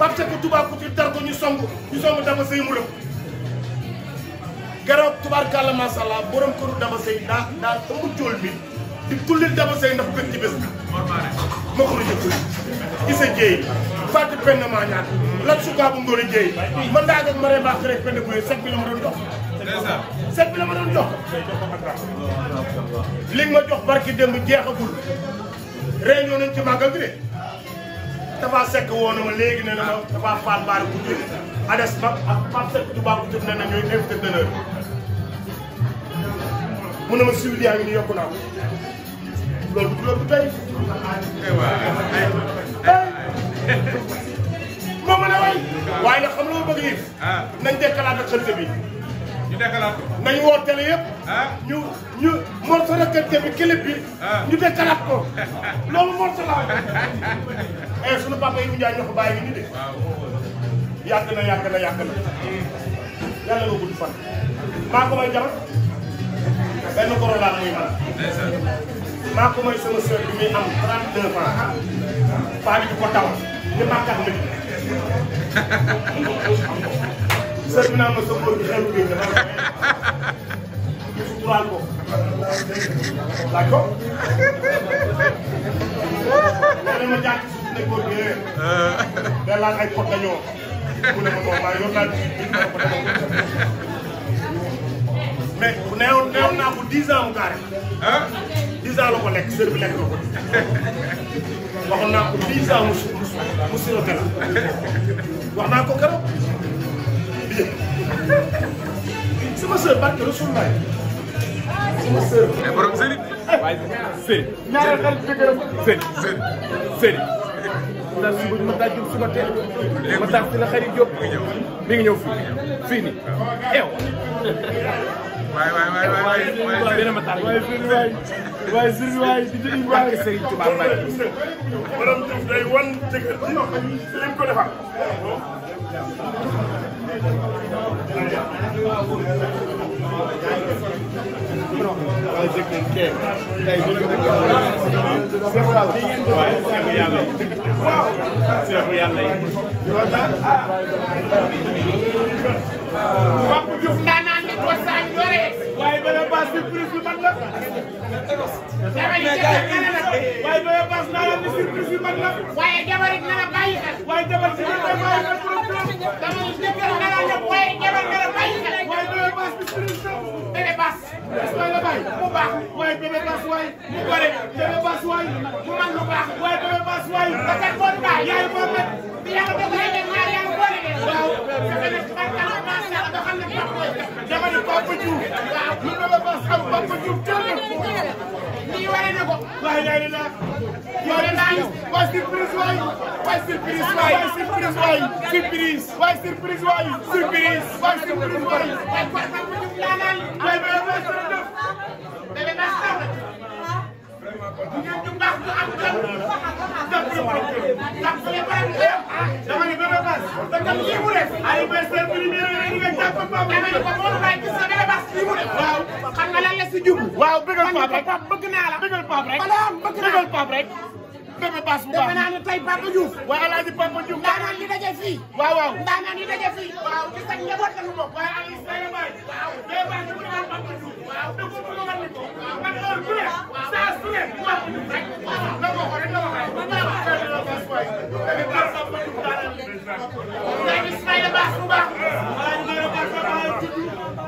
parce que tubaab ku ci tar ko ñu song ñu song dama sëy mu rëb. garab tubaarkàlla macha allah borom këru dama sëy daa daa ëmb jool bi di tullil dama sëy ndax bëgg ci bés bi. moo ko doon jëkkul gis nga jéey fàtte penn maa ñaar. lan su kaa bu ngóor a jéey. man daa gën ma rey baax rek penn bu yee set bi la ma doon jox li ma jox barki démb jeexagul réunion nañ ci màggal gi de dafa sekk woo na ma léegi ne na ma dafa faat baar bu jóg ades ma ak Pape Seck du baax bu jóg ne na ñooy mu ne ma suivi ngi ni yokku naa ko loolu loolu du tey moo mën a way waaye nag xam loo bëgg yi nañ dekkalaat ak xëlse bi décalage ko. nañu woo télé yëpp. Ah. ñu ñu morceau rëkkante bi clip bi. Ah. ñu décalage ko loolu morceau laa ko. eh sunu papa yi Ndiaye ñoo ko yi ñu de. yàgg na yàgg na yàgg na. yàlla nga gudd fan. maa ko may jabar benn koro laa muy man. maa ko may sama sœur bi muy am 32 ans. paa bi di ko taw. ñu màggat nit. sëñ bi naa ma sëñ bi xew bi dafa laaj ko laaj ko nee na ma jàkk suuf ne góor gi rek day laaj ay pot dañoo mu ne ma moom waaye yor naa mais neewoon neewoon naa ko dix ans mu gaare. dix ans la ko lekk sër bi lekk na ko. waxoon naa ko dix ans mu mu mu sirote la wax naa ko keroog. dëkk sama sœur barke Rasulullah sama sœur. mais eh, borom Serigne. waaye Serigne. ñaareel xel dëgëram. Serigne Serigne Serigne. ndax suba ma daa jóg suba teel. léegi ma daa si la xarit Diop. mi ngi ñëw fii fii nii ew. waay waay waay waay waay waay dina ma taal waay Serigne waay waay Serigne waay di jëli waay Serigne Touba Mbaye. borom Diouf day wan dëgër ci lim ko defal. Pape Diouf naan naa ne ko saa yore waaye Bébé Bass surprise bi man la. waaye Bébé Bass naa la ni surprise bi man la. waaye jabar it na la bàyyi xel. waaye jabar si biir mbay mi trop trop. dama ni jëkkër na la ñëpp waaye jabar na la bàyyi xel. waaye Bébé Bass surprise bi. bas waay la bay mu baax waay bébé bas waay mu gore bébé bas waay mu man lu baax waay bébé bas waay ba kat bon ba yaay moom nag bi yàlla dogal ne ñaar yàlla boole de waaw fexe ne barkal ma sha Allah xam ne baax mooy jamono Papa Diouf waaw lu bébé bas am Papa Diouf jël nii waree ne ko waay yaay la yow la bas di prise waay waay surprise waay surprise waay surprise waay surprise waay surprise waay surprise waay waaw bëggal Pape rek bëgg naa la bëggal Pape rek bëggal Pape rek deme baas bu baax defe naa ne tey Papa Diouf. waaye alaaji Papa Diouf. ndaanaan li daje fii. waaw waaw ndaanaan li daje fii. waaw di sa njaboot la ñu bokk. waaye Aliou Seye Baye. waaw mais Baye bu ñu naan Papa Diouf. waaw da ko bëgg a wan ni ko. waaw man heure bu ne. waaw saa su ne Papa Diouf rek. waaw la ko waxoon rek la ko waxee. waaw waaw waaw waaw waaw waaw waaw waaw waaw waaw waaw waaw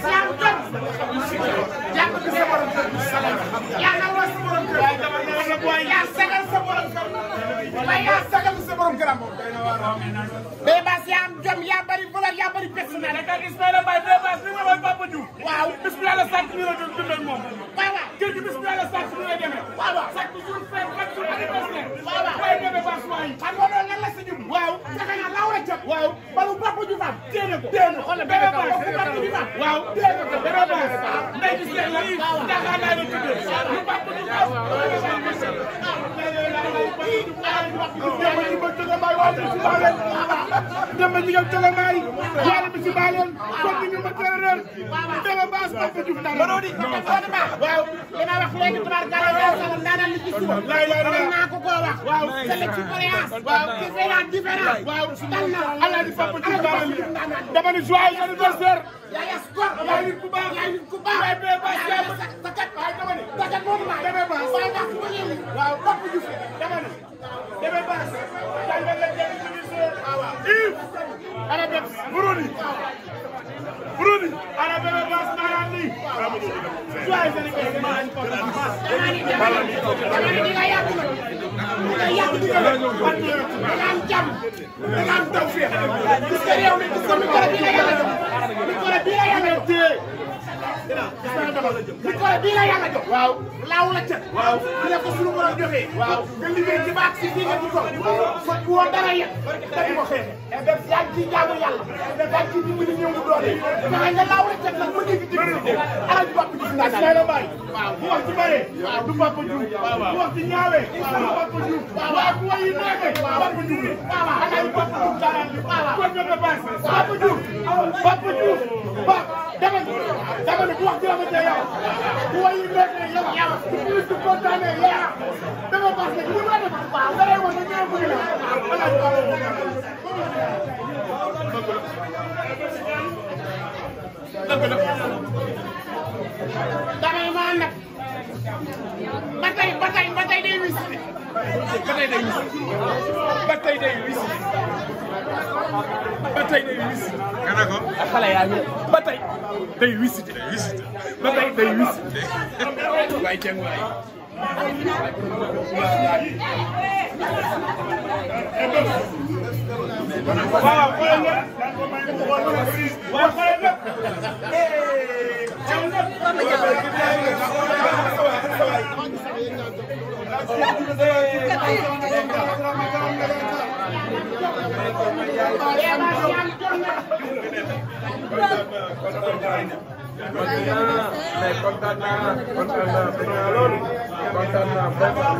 waaye yaa sagal sa borom këram. Bébas yaa am jom yaa bari valeur yaa bari personnalité. da nga Ismaïla Mbaye Bébas li nga wax Papa Diouf. waaw bis bu la la sàcc ñu la dund ak moom. waaw waaw kër gi bis bu la la sàcc ñu la demee. waaw waaw sàcc suñu fête ak suñu anniversaire. waaw waaw waaye Bébas waayi. xam nga loolu lan la si jub. waaw fexe naa laa war a jot. waaw balu Papa Diouf am. téye na ko téye na ko Bébas bu Papa Diouf am. waaw téye na ko Bébas ndey bi seet la. waaw waaw ndax demba ci bët Togo Mbaye waaye bi ci baaleen demba ci bët Togo Mbaye waaye bi ci baaleen kon ñu ma terreur demba baas ba fa juf dal loolu di waaw li ma wax léegi tubaar gala waaw sama daana li ci suba mën naa ko koo wax waaw c'est l'expérience waaw c'est la différence waaw dal na allah di papa juf dal dama ni joyeux anniversaire yaa ngi ko baax yaa ngi ko baax waaye dama ne. parce que moom maa demee baas. waaye ndax bu ñu waaw Pape Diouf dama ne. demee baas. jàngal la jënd ministre. waaw waaw Yves. Arabet Burodi. Burodi. Arabet baas maanaam nii. waaw. waaye Sénégal maa ngi ko doon baas. dama ne dama ne di nga yàgg nag. di nga yàgg di nga doon. parce que da nga am jàmm. da nga am tawfeex. gis nga réew mi gis nga micro bi la yàlla def. micro bi la yàlla def. li ko bii la yàlla jox. waaw laaw la cat. waaw bi la ko suñu borom joxee. waaw nga liggéey ci baax si fii nga ci tool. fa woo dara yet. dañ ko xeexe. yaa ngi ciy jaamu yàlla. yaa ngi ciy dimbali ñëw mu doole. fexe nga laaw la cat nag mu dégg dégg. alal ji bopp gis naa la baay. waaw bu wax ci bëree. waaw du Papa Diouf. bu wax ci ñaawee. waaw waaw Papa Diouf. waaw waaw bu wayi neexee. waaw Papa Diouf. waaw waaw alal ji bopp Diouf dara. waaw waaw kon nga ko baax. Papa Diouf. Papa Diouf. ba dama ne bu wax ci rafetee yow bu wàllu météo yow bu plus de kontaanee yow dama baax nag ñu war a def waaw nga lay wax ne ñoom bëgg naa dëgg la dama maa nag ba tey ba tey ba tey day wis ba tey day wis ba tey day wis ba tey day wis. nga ne ko. xale yaa ngi ba tey day wisite. day wisite ba tey day wisite. waay ceeb waay. waaw xoolal nga. waaw xoolal nga. kontaan naa kontaan naa bëgg naa lool kontaan naa vraiment.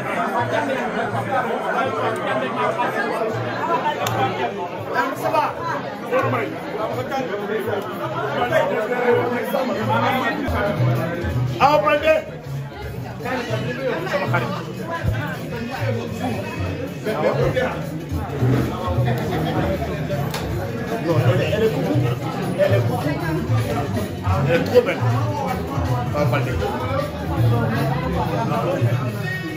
Awa Baldé sama xarit non elle est beaucoup elle est beaucoup elle est trop belle Awa Baldé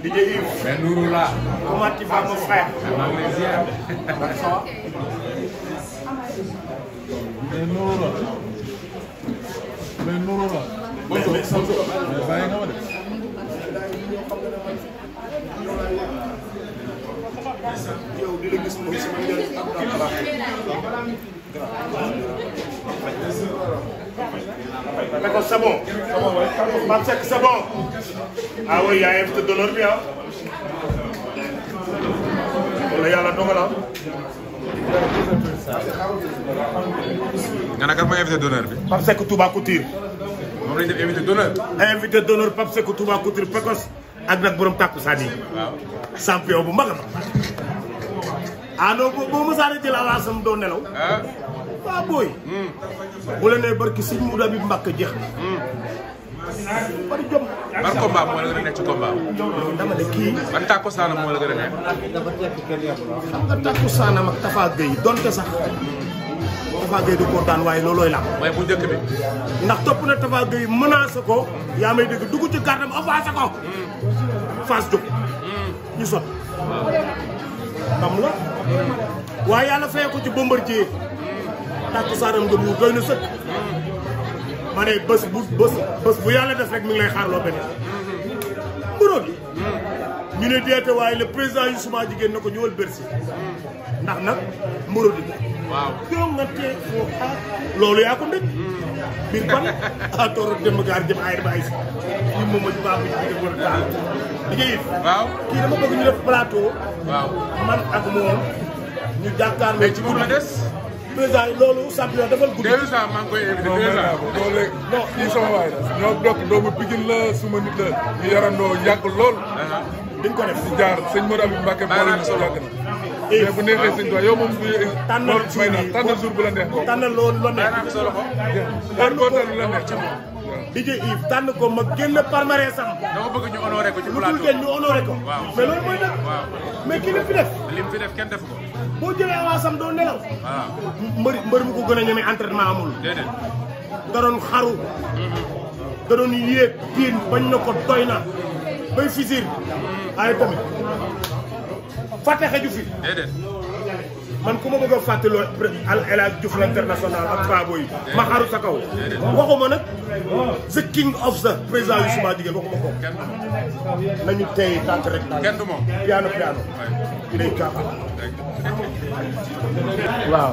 DJ Yves. Ben Nourou là. Comment tu vas mon frère? c'est bon. Pape Seck c'est bon. yaa invité d'honneur bi ah. wala yàlla dogal ah. nga ne kat mooy invité d'honneur bi. Pape Seck Touba Couture. moom la ñu def invité d'honneur. invité d'honneur ak nag borom takkusaan yi. bu mag a mag. ah non boo boo mos a jël alaasam doo waaw booy. bu la nee barki sëñ Mudu bi Mbàkke jeex na. Hmm. bari jom. ban combat moo la gën a nekk ci combat. dama ne kii. ban takku saanam moo la gën a nekk. dafa tekk kenn yàlla. saanam ak Tafa Gueye donte sax. Tafa Gueye du daan waaye loolooy làmb. waaye bu njëkk bi. ndax topp na Tafa Gueye menacé ko. yaa may dégg dugg ci gàttam avancé ko. Hmm. Fass jóg. Hmm. ñu sot. waaw. yàlla fay ko ci Bombardier. takkusaanam nga bu doy na sëkk ma ne bés bu bés bés bu yàlla def rek mu ngi lay xaarloo beneen mburoo bi ñu ne deete waaye le président yu suma jigéen na ko ñëwal Bercy ndax nag mburoo di waaw nga tee loolu yaa ko ndëj biir ban a dem gaar jëm ayir ba ay si ñi moom ma a taal di nga it waaw kii dama bëgg ñu def plateau man ak moom ñu jàkkaar mais ci moom la des président yi loolu champion defal guddi. déjà maa ngi koy invité déjà. non kii sama waay la. ñoo bokk doomu Pikine la suma nit la. ñu yarandoo yàgg lool. Uh-huh. dañ ko def si jaar sëñ Modou Abib Mbacke Mawla Moussa yàgg na. Eh, mais bu neexee sëñ Tuubaa yow moom. tànnal jour bi tànnal jour bu la neex. tànnal loolu la neex. tànnal loolu la neex. DJ Yves tànn ko ma génn palmarès am. dama bëgg ñu honoré ko ci plateau lu dul ñu honoré ko. mais loolu mooy nag. mais ki li fi mu fi def kenn def ko. boo jëlee am doo nelaw. waaw mbër mbër mu ko gën a ñeme entraînement amul. déedéet da doon xaru. da doon yéeg diin bañ na ko doy na bay fisir. Mm-hmm. ay tamit fàtte xeju fi. man ku ma bëgg a fàttaloo al El Hadj Diouf l'international ak Baboy yi ma xaaru sa kaw the king of the président Ousmane Digène waxuma tey tànk rek kenn piano piano day waaw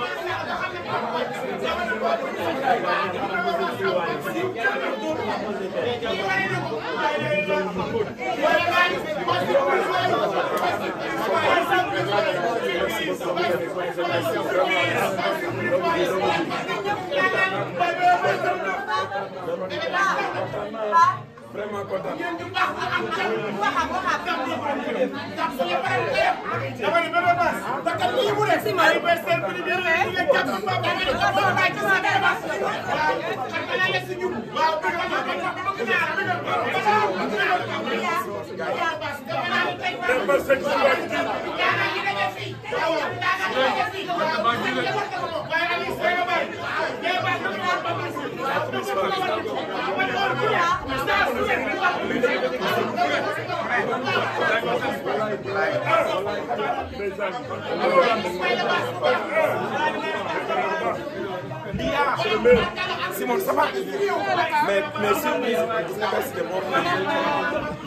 Bye. vraiment kontaan. yéen ñu baax ñu am jàmm ñu waxaat waxaat. jàpp si yëpp rek lépp. dama ne benn bas. parce que lii mu def. ay bay seen prix bi rek. ñu jàpp ba ba ba ñu ko doon bàyyi ci sa benn bas. waaw xam nga laa lekk si ñun. waaw bëgg naa bëgg naa bëgg naa bëgg naa bëgg naa bëgg naa bëgg naa Thank you. Simon ça va mais mais surprise c'était bon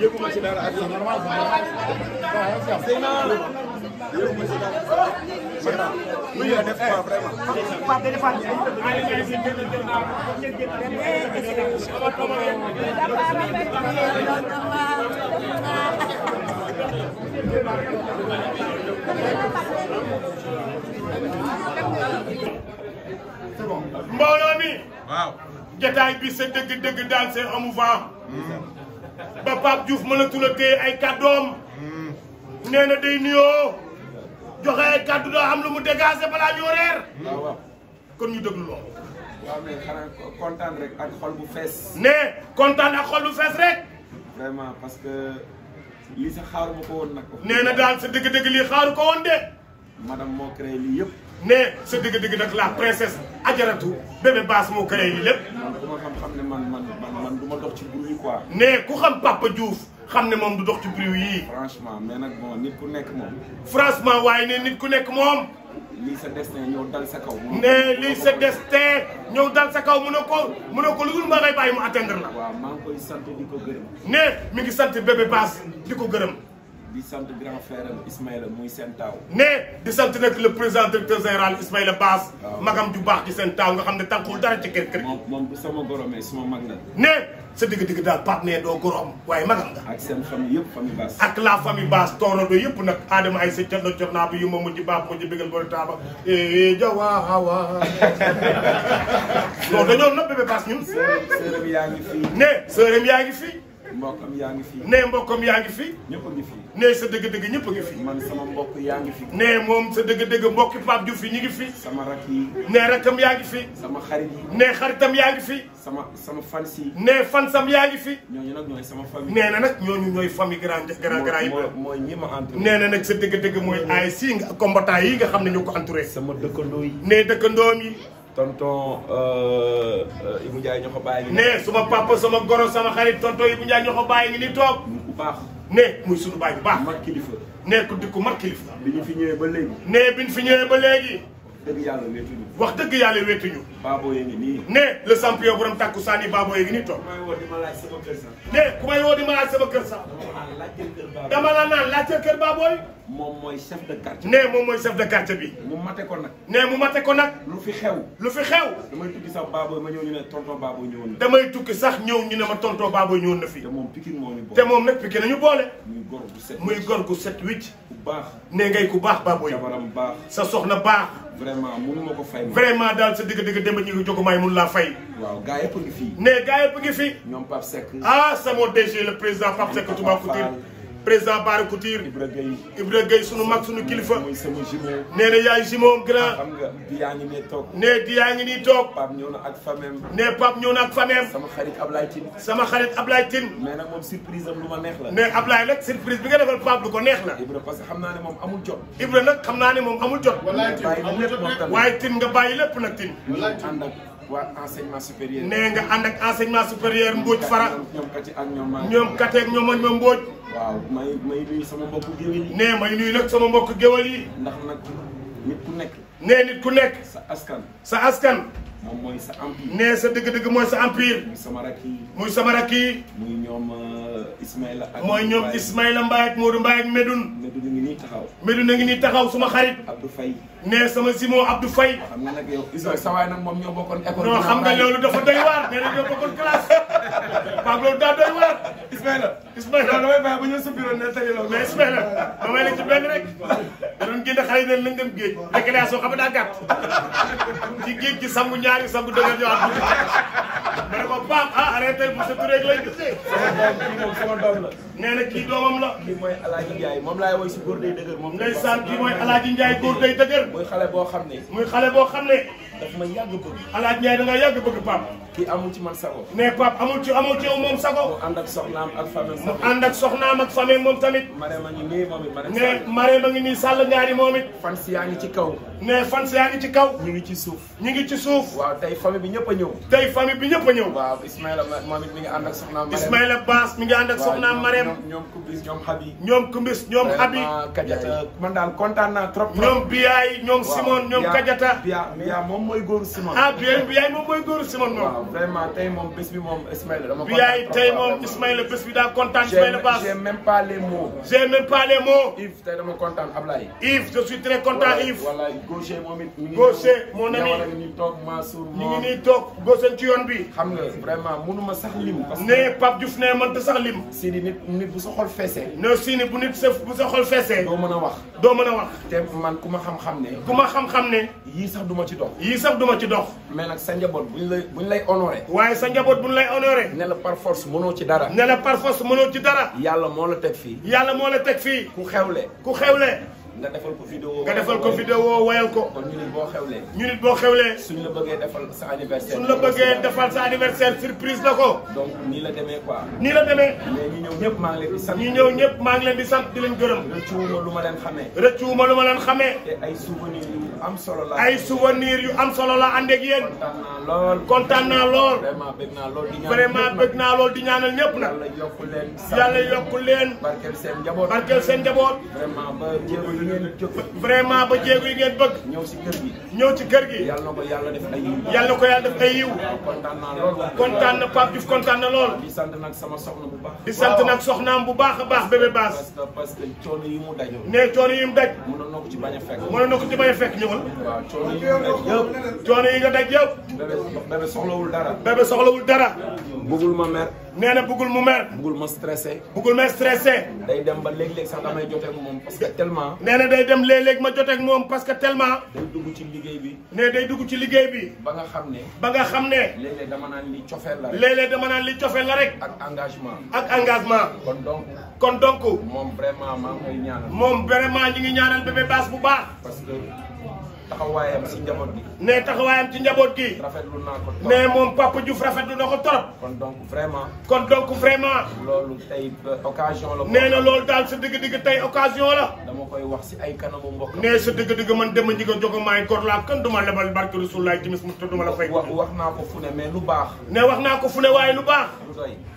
yëguma ci dara ak normal lu ñu def quoi vraiment. mbooloo mi. waaw. jotaay bi sa dëgg-dëgg daal c'est émouvant. Hmm. ba Pape Diouf mënatul a téye ay kàddoom. Hmm. nee na day nuyoo. joxe kàddu doo am lu mu dégagé balaa ñoo reer. waaw kon ñu déglu loolu. waaw mais xanaa kontaan rek ak xol bu fees. ne kontaan ak xol bu fees rek. vraiment parce que lii sa xaaru ko woon nag. nee na daal sa dëgg-dëgg lii xaaru ko woon de. madame moo créé lii yëpp. ne sa dëgg-dëgg nag la princesse ajaratu bébé baas moo créé lii lépp. man man man dox ci guddi quoi. ne ku xam Papa Diouf. xam ne moom du dox ci prix yii. franchement mais nag bon nit ku nekk moom. franchement waaye ne nit ku nekk moom. lii sa destin ñëw dal sa kaw. ne lii sa destin ñëw dal sa kaw mu ne ko mu ne ko lu dul nga ngay bàyyi mu atteindre la. maa ngi koy sant di ko gërëm. ne mi ngi sant bébé Bass di ko gërëm. di sant grand frère am Ismaïla muy seen taaw. ne di sant nag le président directeur général Ismaïla Baas. magam ju baax ci seen taaw nga xam ne tànkuwul dara ci kër kër. moom moom du sama goromee suma mag la. ne sa digg-digg daal Pape ne doo gorom waaye magam nga. ak seen famille yëpp famille Baas. ak la famille Baas toorandoo yëpp nag Adama ay sa cërno cërnaa bi yu ma mujj baax mujj bëggal boole taaba. Eh, eh, jawwa hawa. non dañoo nëbb bébé Baas ñun. sërëm sërëm yaa ngi fii. ne sërëm yaa ngi fii. mbokkam yaa ngi fi. nee mbokkam yaa ngi fi. ñëpp a ngi sa dëgg-dëgg ñëpp a ngi fi. man mbokk yaa ngi fi. nee moom sa dëgg-dëgg mbokki Pape Diouf yi ñu ngi fi. sama rak yi. nee rakam yaa ngi fi. sama xarit yi. nee xaritam yaa ngi fi. sama sama fans yi. nee fansam yaa ngi fi. ñooñu nag ñooy sama famille. nee na nag ñooñu ñooy famille grand grand grand yi. mooy ñi ma entouré. nee na nag sa dëgg-dëgg mooy ay si yi nga xam ne ñoo ko entouré. sama dëkkandoo yi. nee dëkkandoom yi tonton euh, euh, Ibou Ndiaye ñoo ko bàyyi. ne suma papa sama goro sama xarit tonton Ibou Ndiaye ñoo bàyyi ngi ni toog. bu baax ne muy sunu baay bu baax. mag ne ku di ko mag bi ñu fi ñëwee ba léegi. ne bi ñu fi ñëwee ba léegi. wax dëgg yàlla wéetuñu. baaboo yi ngi nii. ne le champion borom takku saa ni baaboo yi ngi nii toog. ku may woo di ma laaj sama kër sax. ne ku may woo di ma laaj sama kër sax. dama la naan laajteel kër baaboo yi. moom mooy chef de quartier. moom mooy chef de quartier bi. mu mate ko nag. nee mu mate ko nag. lu fi xew. lu fi xew. damay tukki sax ma ñëw ñu ne tonton baaboo ñëwoon na. damay tukki sax ñëw ñu ne ma tonton baaboo ñëwoon na fi. te moom Pikine moo ñu boole. te moom nag Pikine nañu boole. muy gor gu set muy gor gu set wicc. ku baax nee ngay ku baax baaboo sa soxna baax. vraiment ko fay. vraiment daal sa digg-digg démb ñi ngi jokkoo laa fay. waaw gaa yëpp ngi fi. nee gaa yëpp ngi fi. ñoom Pape Seck. ah sama DG président Bara Couture Ibra Gueye Ibra Gueye sunu mag sunu kilifa mooy sama jumeau nee na yaay jumeau grand ah, xam nga di yaa ngi ne toog ne di yaa ngi nii toog Pape ñëw na ak famem ne Pape ñëw na ak famem sama xarit Ablaye Tine sama xarit Ablaye Tine mais nag moom surprise am lu ma neex la ne Ablaye nag surprise bi nga defal Pape lu ko neex la Ibra parce que xam naa ne moom amul jot Ibra nag xam naa ne moom amul jot waaye Tine nga bàyyi lépp nag Tine waa enseignement supérieur. nee nga ànd ak enseignement supérieur Mbodj Fara. ñoom kati ak ñoom ma Mbodj. sama mbokku géwél yi. nee may nuyu nag sama mbokku géwél yi. ndax nag nit ku nekk. nee nit ku nekk. sa askan. sa askan. moom sa empire. nee sa dëgg-dëgg mooy sa empire. muy sama rakk yi. Ismaïla ak mooy ñoom Ismaïla Mbaye ak Modou Mbaye ak Medoune. Medoune ngi nii taxaw. Medoune ngi nii taxaw suma xarit. Abdou sama simon Abdou Faye. xam nga sa waay nag moom ñoo xam nga loolu dafa doy waar nee na ñoo ne ci benn rek. da doon génne xale yi ne nañ dem géej. récréation xam nga daa ci géej gi sangu ñaari sangu dëgër ñëwaat. ma ne ko Pape ah arrêté monsieur Touré ak lay gisee. sama doom la nee na kii doomam la kii mooy alaaji njaay moom laay woy si góor day dëgër moom ndeysaan kii mooy alaaji njaay góor day dëgër muy xale boo xam ne muy xale boo xam ne daf ma yàgg bëgg alaaji njaay da nga yàgg bëgg pam kii amul ci man sago mais Pape amul ci amul ci moom sago mu ànd ak soxnaam ak famille mu ànd ak soxnaam ak famille moom tamit Marème a ngi nii moom it mais Marème a ngi nii Sall Ngaari moom it fans yaa ngi ci kaw mais fans yaa ngi ci kaw ñu ngi ci suuf ñu ngi ci suuf waaw tey famille bi ñëpp a ñëw tey famille bi ñëpp a ñëw waaw Ismaïla moom it mi ngi ànd ak soxnaam Ismaïla Baas mi ngi ànd ak soxnaam Marème ñoom Kumbis ñoom Habi ñoom Kumbis ñoom Habi Kadiata man daal kontaan naa trop ñoom Biyaay ñoom Simon ñoom Kadiata Biya Biya moom mooy góoru Simon ah Biyaay Biyaay moom mooy góoru Simon moom waaw vraiment tey moom bés bi moom Ismaïla dama kontaan yaay tey moom Ismaïla bés bi daa kontaan Ismaïla Bass. j'ai même pas les mots. j'ai tey dama kontaan Ablaye. Yves je suis très Gaucher moom it. mi ngi toog Mansour. ñu ci yoon bi. xam nga vraiment mënu ma sax lim. parce que nee Pape Diouf nee sax lim. si ni nit bu sa xol feesee. nee si ni bu nit sa bu sa xol feesee. doo mën a wax. doo mën a wax. te man ku ma xam-xam ne. ku ma xam-xam ne. yii sax du ci dox. yii sax du ma ci dox. mais nag sa njaboot honoré waaye sa njaboot bu ñu lay honoré ne la par force mënoo ci dara ne la par force ci dara yàlla moo la teg fii yàlla moo la teg fii ku xewle ku xewle nga defal ko vidéo nga defal ko vidéo wayal ko kon ñu nit boo xewlee ñu nit boo xewlee suñ la bëggee defal sa anniversaire suñ la bëggee defal sa anniversaire surprise la ko donc nii la demee quoi nii la demee mais ñëw ñëpp maa ngi leen di sant di sant leen gërëm rëccuwuma lu ma leen xamee rëccuwuma lu ma leen xamee am solo la ay souvenir yu am solo la ànd ak yéen. kontaan naa lool vraiment bëgg naa lool di ñaanal ñëpp nag. yàlla yokk leen. barkeel seen njaboot barkeel seen njaboot. vraiment ba jéego yi ngeen vraiment ba jéego yi ngeen bëgg. ñëw ci kër gi. ñëw ci kër gi. yàlla na ko yàlla def ay yiw. yàlla na ko yàlla def ay yiw. kontaan naa lool kontaan kontaan na lool. di sant nag sama soxna bu baax. di sant nag soxnaam bu baax a baax bébé baas. parce que parce que coono yi mu daj. a fekk. mënoon ci bañ a fekk ñëw xamal. waaw coono yi nga daj yëpp. coono yi bébé soxlawul dara. bébé soxlawul dara. bëggul ma mer. nee na bëggul mu mer. bëggul ma stressé. bëggul ma stressé. day dem ba léeg-léeg sax damay jotee ak moom parce que tellement. na day dem léeg-léeg ma jotee moom parce que tellement. day dugg ci liggéey bi. nee day dugg ci liggéey bi. ba nga xam ne. ba nga xam ne. léeg-léeg dama naan li cofeel la rek. dama naan li cofeel la rek. ak engagement. ak engagement. kon donc. kon donc. moom vraiment maa ngi ñaanal. moom vraiment ñu ngi ñaanal bébé baas bu baax. que. taxawaayam ci njaboot gi. ne taxawaayam ci njaboot gi. rafetlu naa ko trop ne moom Papa Diouf rafetlu na ko trop. kon donc vraiment. kon donc vraiment. loolu tey occasion la. na loolu daal sa dëgg-dëgg tey occasion la. dama koy wax ci ay kanamu mbokk. ne sa dëgg-dëgg man dama ñi ko jox maay kor laa kan duma lebal barke Rasulullah jimis mu tudd ma la fay. wax wax naa ko fu ne mais lu baax. ne wax naa ko fu ne waaye lu baax.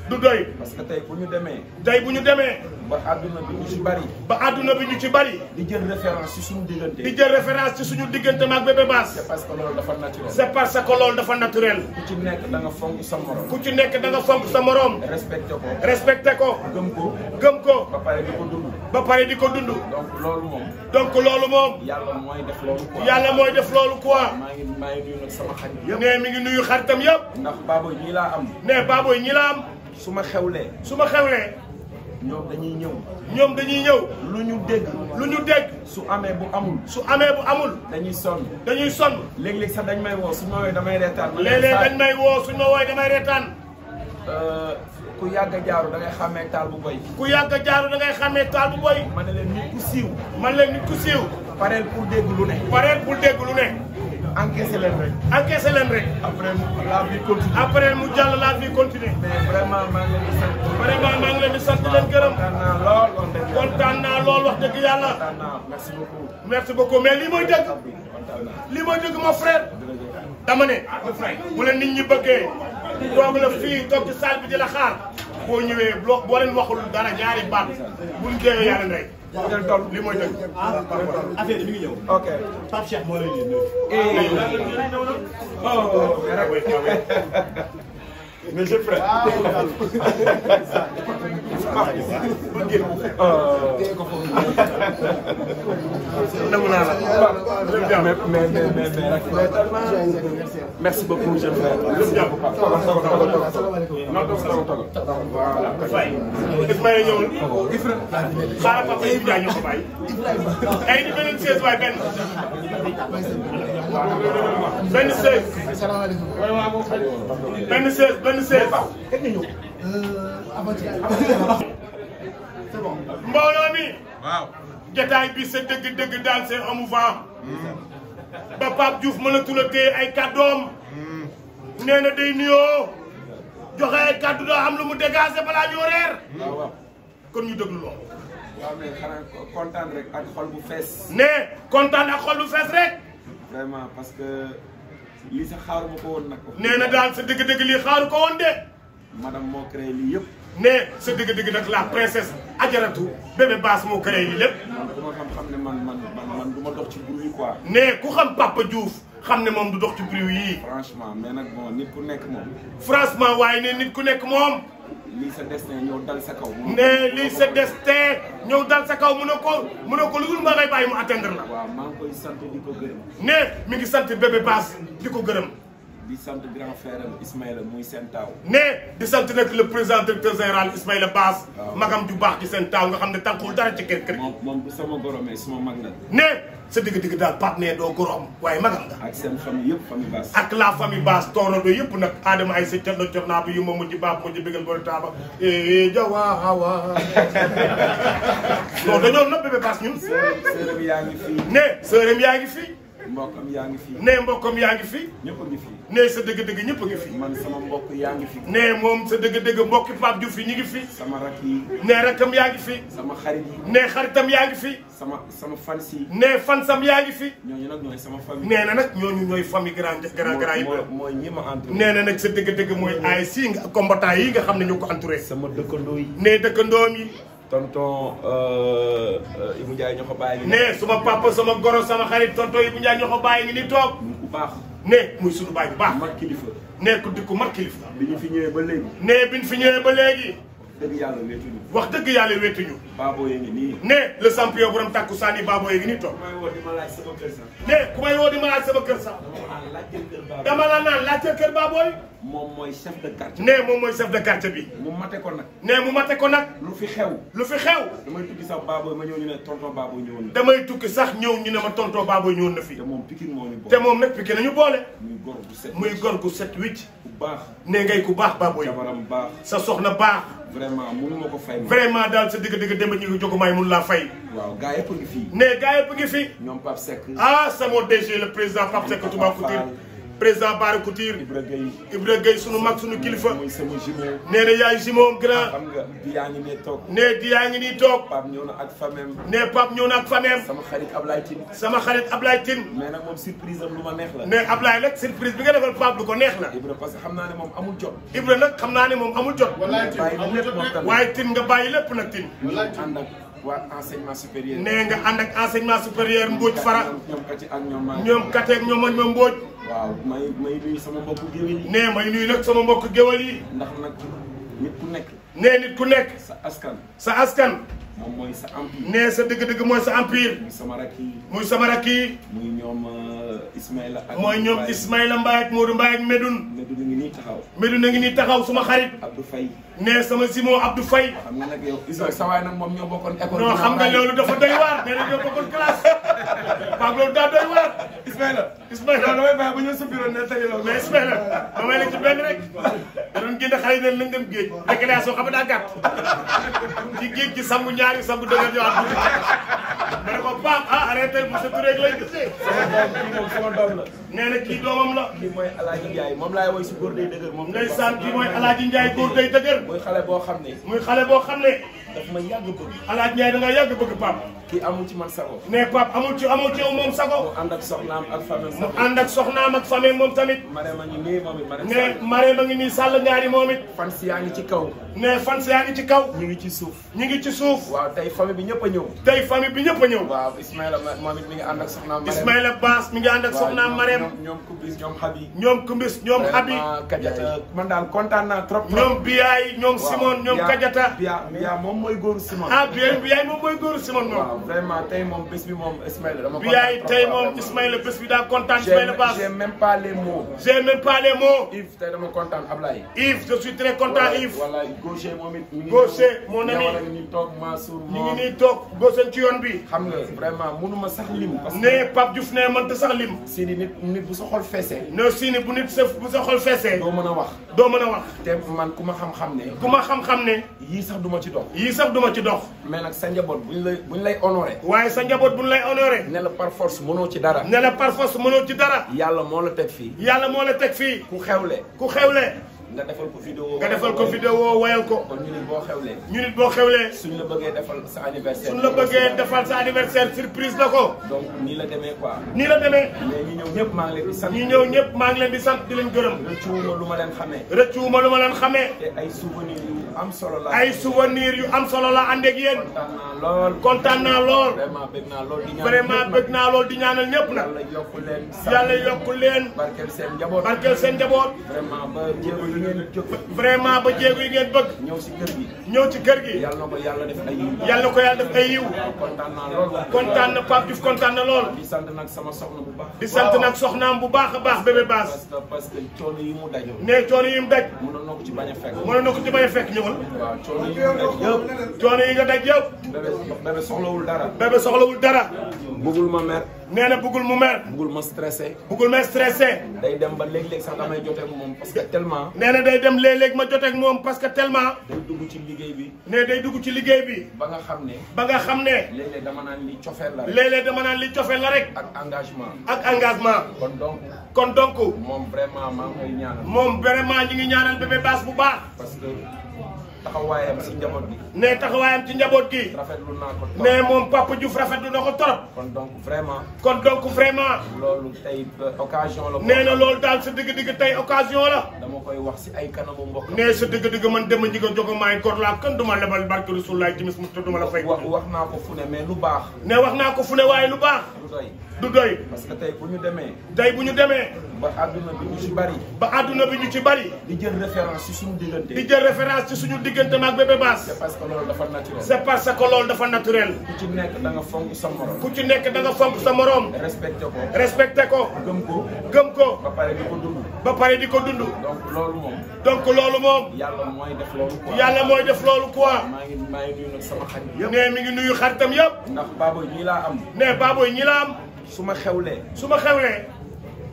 du doy. parce que tey bu ñu demee. tey bu ñu demee. ba àdduna bi ñu ci bari. ba àdduna bi ñu ci bari. di jël référence ci suñu diggante. di jël référence ci suñu diggante maag bébé baas. c'est parce que loolu dafa naturel. c'est parce que loolu dafa naturel. ku ci nekk da nga fonk sa morom. ku ci nekk da nga sa morom. respecté ko. respecté ko. gëm ko. gëm ko. ba pare di ko dund. ba pare di ko dund. loolu moom. donc loolu moom. yàlla mooy def loolu quoi. yàlla def loolu quoi. maa ngi maa ngi nuyu nag sama xarit. yëpp nee mi ngi nuyu xaritam yëpp. ndax baaboo ñii laa am. nee baaboo ñii su ma xewlee. su ma xewlee. ñoom dañuy ñëw. ñoom dañuy ñëw. lu ñu dégg. lu ñu dégg. su amee bu amul. su amee bu amul. dañuy sonn. dañuy sonn. léeg-léeg sax dañ may woo su ma damay reetaan. léeg-léeg dañ may woo suñu ma woowee damay reetaan. Euh, ku yàgg a jaaru da ngay xàmmee taal bu boy. ku yàgg a jaaru da ngay xàmmee taal bu boy. man leen nit ku siiw. man leen nit ku siiw. pareel pour dégg lu ne. pareel pour dégg lu ne. encaissé leen rek. encaissé leen rek. après la vie continue. après mu jàll la vie continue. mais vraiment maa ngi leen di sant. vraiment maa ngi leen di sant leen gërëm. kontaan naa lool wax dëgg yàlla kontaan naa lool wax dëgg yàlla. kontaan naa merci beaucoup. merci beaucoup mais lii mooy dëgg. lii mooy dëgg mon frère. dama ne. bu la nit ñi bëggee. toog la fii toog ci salle bi di la xaar. boo ñëwee boo leen waxul dara ñaari baat buñ deewee yaa leen rey. ngeen toll li mooy dëgg. affaire yi mi ngi ñëw. ok Pape Cheikh moo lay nuyu. Eh. Oh. Oh. mais je prête. nangu naa la. mais mais mais mais merci beaucoup jeune frère. merci beaucoup Pape. waaw waaw waaw waaw benn séeréer euh, baax. c'est bon. mbooloo mi. waaw. jotaay bi sa dëgg dëgg daal seen émouvant. ba Pape Diouf mënatul a téye ay kàddoom. nee na day nuyoo. joxe ay kàddu doo am lu mu dégagé balaa ñoo reer. kon ñu déglu loolu. waaw mais xanaa kontaan rek ak xol bu fees. ne kontaan ak xol bu fees rek. vraiment parce que. lii sax xaaru ma ko woon nag. nee na daal sa dëgg-dëgg lii xaaru ko woon de. madame moo lii yëpp. ne sa dëgg-dëgg nag la princesse ajaratu bébé baas moo lii lépp. man ma xam du ma dox ci bruit quoi. ne ku xam Papa Diouf xam ne moom du dox ci bruit yii. franchement mais nag bon nit ku nekk moom. franchement waaye ne nit ku nekk moom. lii sa destin ñëw dal sa kaw. ne lii sa destin ñëw dal sa kaw mu ne ko mu ne lu dul nga ngay mu atteindre la. waaw mi ngi sant bébé Bass di ko gërëm. di sant grand frère am Ismaïla muy seen taaw. ne di sant nag le président directeur général Ismaïla Baas. magam nga xam ne tànkul dara ci kër kër. moom moom du sama goromee suma mag la. ne sa digg-digg daal Pape ne doo gorom waaye magam nga. ak seen famille yëpp famille Baas. ak la famille Baas toorandoo yëpp nag. Adama ay sa Thierno Thierno bi yu ma mujj baab mujj bëggal eh, eh, Baas ñun. mbokkam yaa ngi fi. nee mbokkam yaa ngi fi. ñëpp a ngi fi. nee sa dëgg-dëgg ñëpp a ngi fi. man sama mbokk yaa ngi fi. nee moom sa dëgg-dëgg mbokki Pape Diouf yi ñu ngi fi. sama rak yi. nee rakam yaa ngi fi. sama xarit yi. nee xaritam yaa ngi fi. sama sama fans yi. nee fansam yaa ngi fi. ñooñu nag ñooy sama famille. nee na nag ñooñu ñooy famille grand grand grand yi. mooy ñi ma entouré. nee na nag sa dëgg-dëgg mooy ASC combattant yi nga xam ne ñoo ko entouré. sama dëkkandoo yi. nee dëkkandoom yi tonton euh, euh, Ibou Ndiaye ñoo ko bàyyi. ne suma papa sama goro sama xarit tonton Ibou Ndiaye ñoo ko bàyyi nga ni toog. bu baax ne muy sunu baay bu baax. mat kilifa ne ku dikku mat kilifa. bi ñu fi ba léegi. ne bi ñu fi ñëwee léegi. yàlla wéetuñu. wax dëgg yàlla wéetuñu. baaboo yi ngi nii. ne le champion borom takku saani baaboo yi ngi nii toog. ku may woo di ma laaj sama kër sax. ne ku may woo di ma laaj sama kër sax. dama la naan laajteel kër baaboo moom mooy chef de quartier. nee moom mooy chef de quartier bi. mu mate ko nag. nee mu mate ko nag. lu fi xew. lu fi xew. damay tukki sax ma ñëw ñu ne tonton baaboo ñëwoon na. damay tukki sax ñëw ñu ne ma tonton baaboo ñëwoon na fi. te moom Pikine moo ñu boole. moom nag Pikine nañu boole. muy gor gu set wicc. ku baax nee ngay ku baax baaboo yi. jabaram baax sa soxna baax. vraiment ma ko fay. vraiment daal sa digg-digg démb ñi ko jokumaay mun laa fay. waaw gaa yëpp ngi fi. nee gaa yëpp ngi fi. ñoom Pape Seck. ah sama DG président Pape Seck Toubacouture président Bara Couture Ibra Gueye Ibra Gueye sunu mag sunu kilifa muy sama jumeau nee na yaay jumeau grand ah, xam nga di yaa ngi nii toog nee di yaa ngi nii toog Pape ñëw na ak famem nee Pape ñëw na ak famem sama xarit Ablaye Tine sama xarit Ablaye Tine mais nag moom surprise am lu ma neex la nee Ablaye nag surprise bi nga defal Pape lu ko neex la Ibra parce que xam naa ne moom amul jot Ibra nag xam naa ne moom amul jot waaye Tine nga bàyyi lépp nag Tine ànd ak waa enseignement supérieur. nee nga ànd ak enseignement supérieur Mbodj Fara. ñoom kati ak ñoom maa ñoom kati ak ñoom man ma Mbodj. may may sama mbokk géwél yi. nee may nuyu nag sama mbokk géwél yi. ndax nag nit ku nekk. nee nit ku nekk. sa askan. sa askan. moom a sa empire. sa dëgg-dëgg mooy sa empire. muy sama rakk yi. muy sama rakk yi. muy ñoom euh, Ismaïla. ak mooy ñoom Ismaïla Mbaye ak Modou Mbaye ak ngi nii taxaw. suma xarit. Abdou Faye. nee sama simon Abdou Faye. xam sa waay nag moom ñoo bokkoon école. non xam nga loolu dafa doy waar nee na ñoo bokkoon classe. Pape loolu daa doy waar. Ismaïla. Ismaïla damay bàyyi ba ñëw sa bureau ne tege loolu. mais Ismaïla damay la ci benn rek. da doon génn xale yi ne lëngëm géej. déclaration xam nga daa gàtt ci géej gi sangu ñaari sàmm dëgër ñu am ma ne ko paam ah arrêté monsieur Touré ak lay gisee. kii moom sama doom la. nee na kii doomam la. kii mooy El Hadj Ndiaye moom laay woy si góor day dëgër moom. ndeysaan kii mooy El Hadj Ndiaye góor day dëgër. muy xale boo xam ne. muy xale boo xam ne. daf ma yàgg bëgg. El Hadj Ndiaye da nga yàgg bëgg paam. kii amul ci man sago ne Pape ci amul ci moom sago mu ànd ak soxnaam ak famille mu ànd ak soxnaam ak famille moom tamit Marème a ngi nii moom it ne Marème a ngi nii Sall Ngaari moom it fans yaa ci kaw ne fans yaa ci kaw ñu ngi ci suuf ñu ngi ci suuf waaw tey famille bi ñëpp a ñëw tey famille bi ñëpp a ñëw waaw Ismaïla moom it mi ngi ànd ak soxnaam Marème Ismaïla Bass mi ngi ànd ak soxnaam Marème ñoom Kumbis ñoom Habi ñoom Kumbis ñoom Habi Kadiata man daal kontaan naa trop ñoom Biyaay ñoom Simon ñoom Kadiata Biya Biya moom mooy góoru Simon ah Biyaay Biyaay moom mooy góoru Simon moom waaw vraiment tey moom bés bi moom Ismaïla dama. kontaan biyaay tey moom Ismaïla bés bi daa kontaan Ismaïla Bass. j'ai même pas les mots. j'ai même pas les mots. Yves tey toog Mansour ci yoon bi. xam nga vraiment mënu ma sax lim. parce que nee Pape Diouf nee sax lim. si ni nit nit bu sa xol feesee. nee si bu nit bu sa xol feesee. doo mën a wax. doo mën a wax. te man ku xam-xam ne. ku ma xam-xam ne. yii sax du ci dox. yii sax du ma ci dox. mais nag sa njaboot buñ lay buñ honoré waaye sa njaboot bu ñu lay honoré ne la par force mënoo ci dara ne la par force mënoo ci dara yàlla moo la teg fii yàlla moo la teg fii ku xewle ku xewle nga defal ko vidéo nga defal ko vidéo wayal ko. kon ñu nit ñu nit boo xewlee. suñ la bëggee defal sa anniversaire. suñ la bëggee defal sa anniversaire surprise la ko. donc nii la demee nii la demee. mais ñi ñëw leen di sant. ñi ñëw ñëpp maa leen di sant di leen gërëm. rëccuwuma lu ma leen xamee. rëccuwuma lu ma leen xamee. te ay souvenirs yu am solo la. ay souvenirs yu am solo la ànd ak yéen. kontaan naa lool kontaan naa lool. vraiment bëgg naa lool di ñaanal ñëpp na bëgg naa lool di ñaanal ñëpp nag. yàlla yokku leen. yàlla yokku barkeel seen njaboot barkeel seen yi ngeen jóg vraiment ba jéego yi ngeen bëgg ñëw ci kër gi ñëw ci kër gi yàlla na ko yàlla def ay yiw yàlla na ko yàlla def ay yiw kontaan na lool kontaan na Pape Diouf kontaan lool di sant nag baax di sant soxnaam bu baax a baax bébé baas parce que coono yi mu daj ne coono yi mu daj mënoon na ko ci bañ a fekk mënoon na ko a fekk ñëwal waaw coono yi nga daj yëpp coono yi nga daj yëpp bébé soxlawul dara bébé soxlawul dara bëggul ma mer nee na bëggul mu mer bëggul ma stressé bëggul ma stressé day dem ba léeg-léeg sax damay jotee moom parce que nee day dem léeg-léeg ma joteeg moom parce que tellement. day dugg ci liggéey bi. ne day dugg ci liggéey bi. ba nga xam ne. ba nga xam ne. léeg-léeg dama naan li cofeel la rek. dama naan li cofeel la rek. ak engagement. ak engagement. kon donc. kon donc. moom vraiment maa ngi ñaanal. moom vraiment ñi ngi ñaanal bébé baas bu baax. parce que. taxawaayam ci njaboot gi. ne taxawaayam ci njaboot gi. rafetlu naa ko trop mais moom Papa Diouf rafetlu na ko trop. kon donc vraiment. kon donc vraiment. loolu tey euh, occasion la. nee na loolu daal sa digg-digg tey occasion la. koy wax si ay kanamu mbokk. nee sa digg-digg man dama njëkk a jóg maay góor laa kan duma lebal barke Rasulullah ci mis mu tudd ma la fay. wax wax naa ko fu ne mais lu baax. ne wax naa ko fu ne waaye lu baax. du doy du parce que tey bu ñu demee. tey bu ñu demee. ba àdduna bi ñu ci bari. ba àdduna bi ñu ci bari. di jël référence ci suñu diggante. di jël référence ci suñu diggante maag bébé baas. c'est parce que loolu dafa naturel. c'est parce que loolu dafa naturel. ku ci nekk da nga fonk sa morom. ku ci nekk da ko. respecté ko. gëm ko. gëm ko. ba pare di ko dund. ba pare di ko dund. loolu moom. donc loolu moom. yàlla mooy def loolu quoi. yàlla mooy def loolu quoi. maa ngi maa ngi nuyu nag sama xarit yëpp. nee mi ngi nuyu xaritam yëpp. ndax baaboy ñii laa am. nee baaboy ñii laa am. su ma xewlee. su ma xewlee.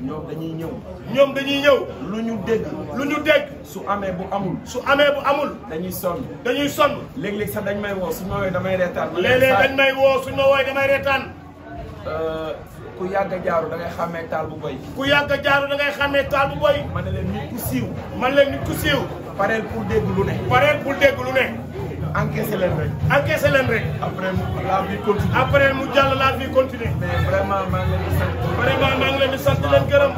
ñoom dañuy ñëw. ñoom dañuy ñëw. lu ñu dégg. lu ñu dégg. su amee bu amul. su amee bu amul. dañuy sonn. dañuy sonn. léeg-léeg sax dañ may woo su ma woowee damay reetaan. léeg-léeg dañ may woo suñu ma woowee damay reetaan. Euh, ku yàgg a jaaru da ngay xàmmee taal bu boy. ku yàgg a jaaru da ngay xàmmee taal bu boy. man leen nit ku siiw. man leen nit ku siiw. pareel pour dégg lu ne. pareel pour dégg lu ne. encaissé leen rek. encaissé leen rek. après la vie continue. après mu jàll la vie continue. mais vraiment maa ngi leen di sant. vraiment maa ngi leen di sant leen gërëm.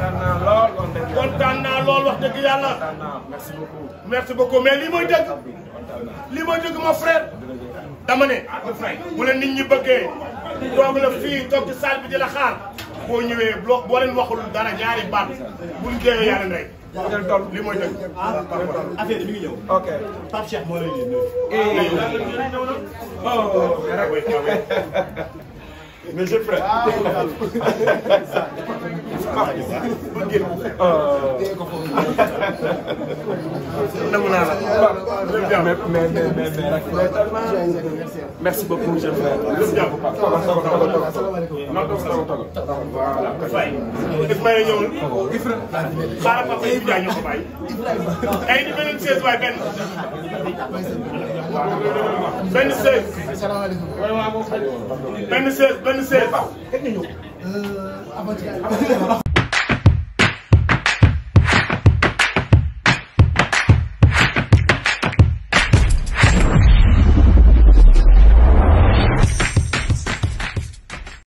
kontaan naa lool wax dëgg yàlla kontaan naa lool wax dëgg yàlla. kontaan naa merci beaucoup. merci beaucoup mais lii mooy dëgg. lii mooy dëgg mon frère. dama ne. bu leen nit ñi bëggee. toog la fii toog ci salle bi di la xaar. boo ñëwee boo boo leen waxul dara ñaari baat buñ deewee yàlla rek. ngeen toll li mooy dëgg. affaire bi mi ngi ñëw. ok Pape Cheikh moo lay nuyu. mais j'ai frère. nangu naa la. mais mais mais merci beaucoup monsieur frère. Eh, benn benn benn séeréer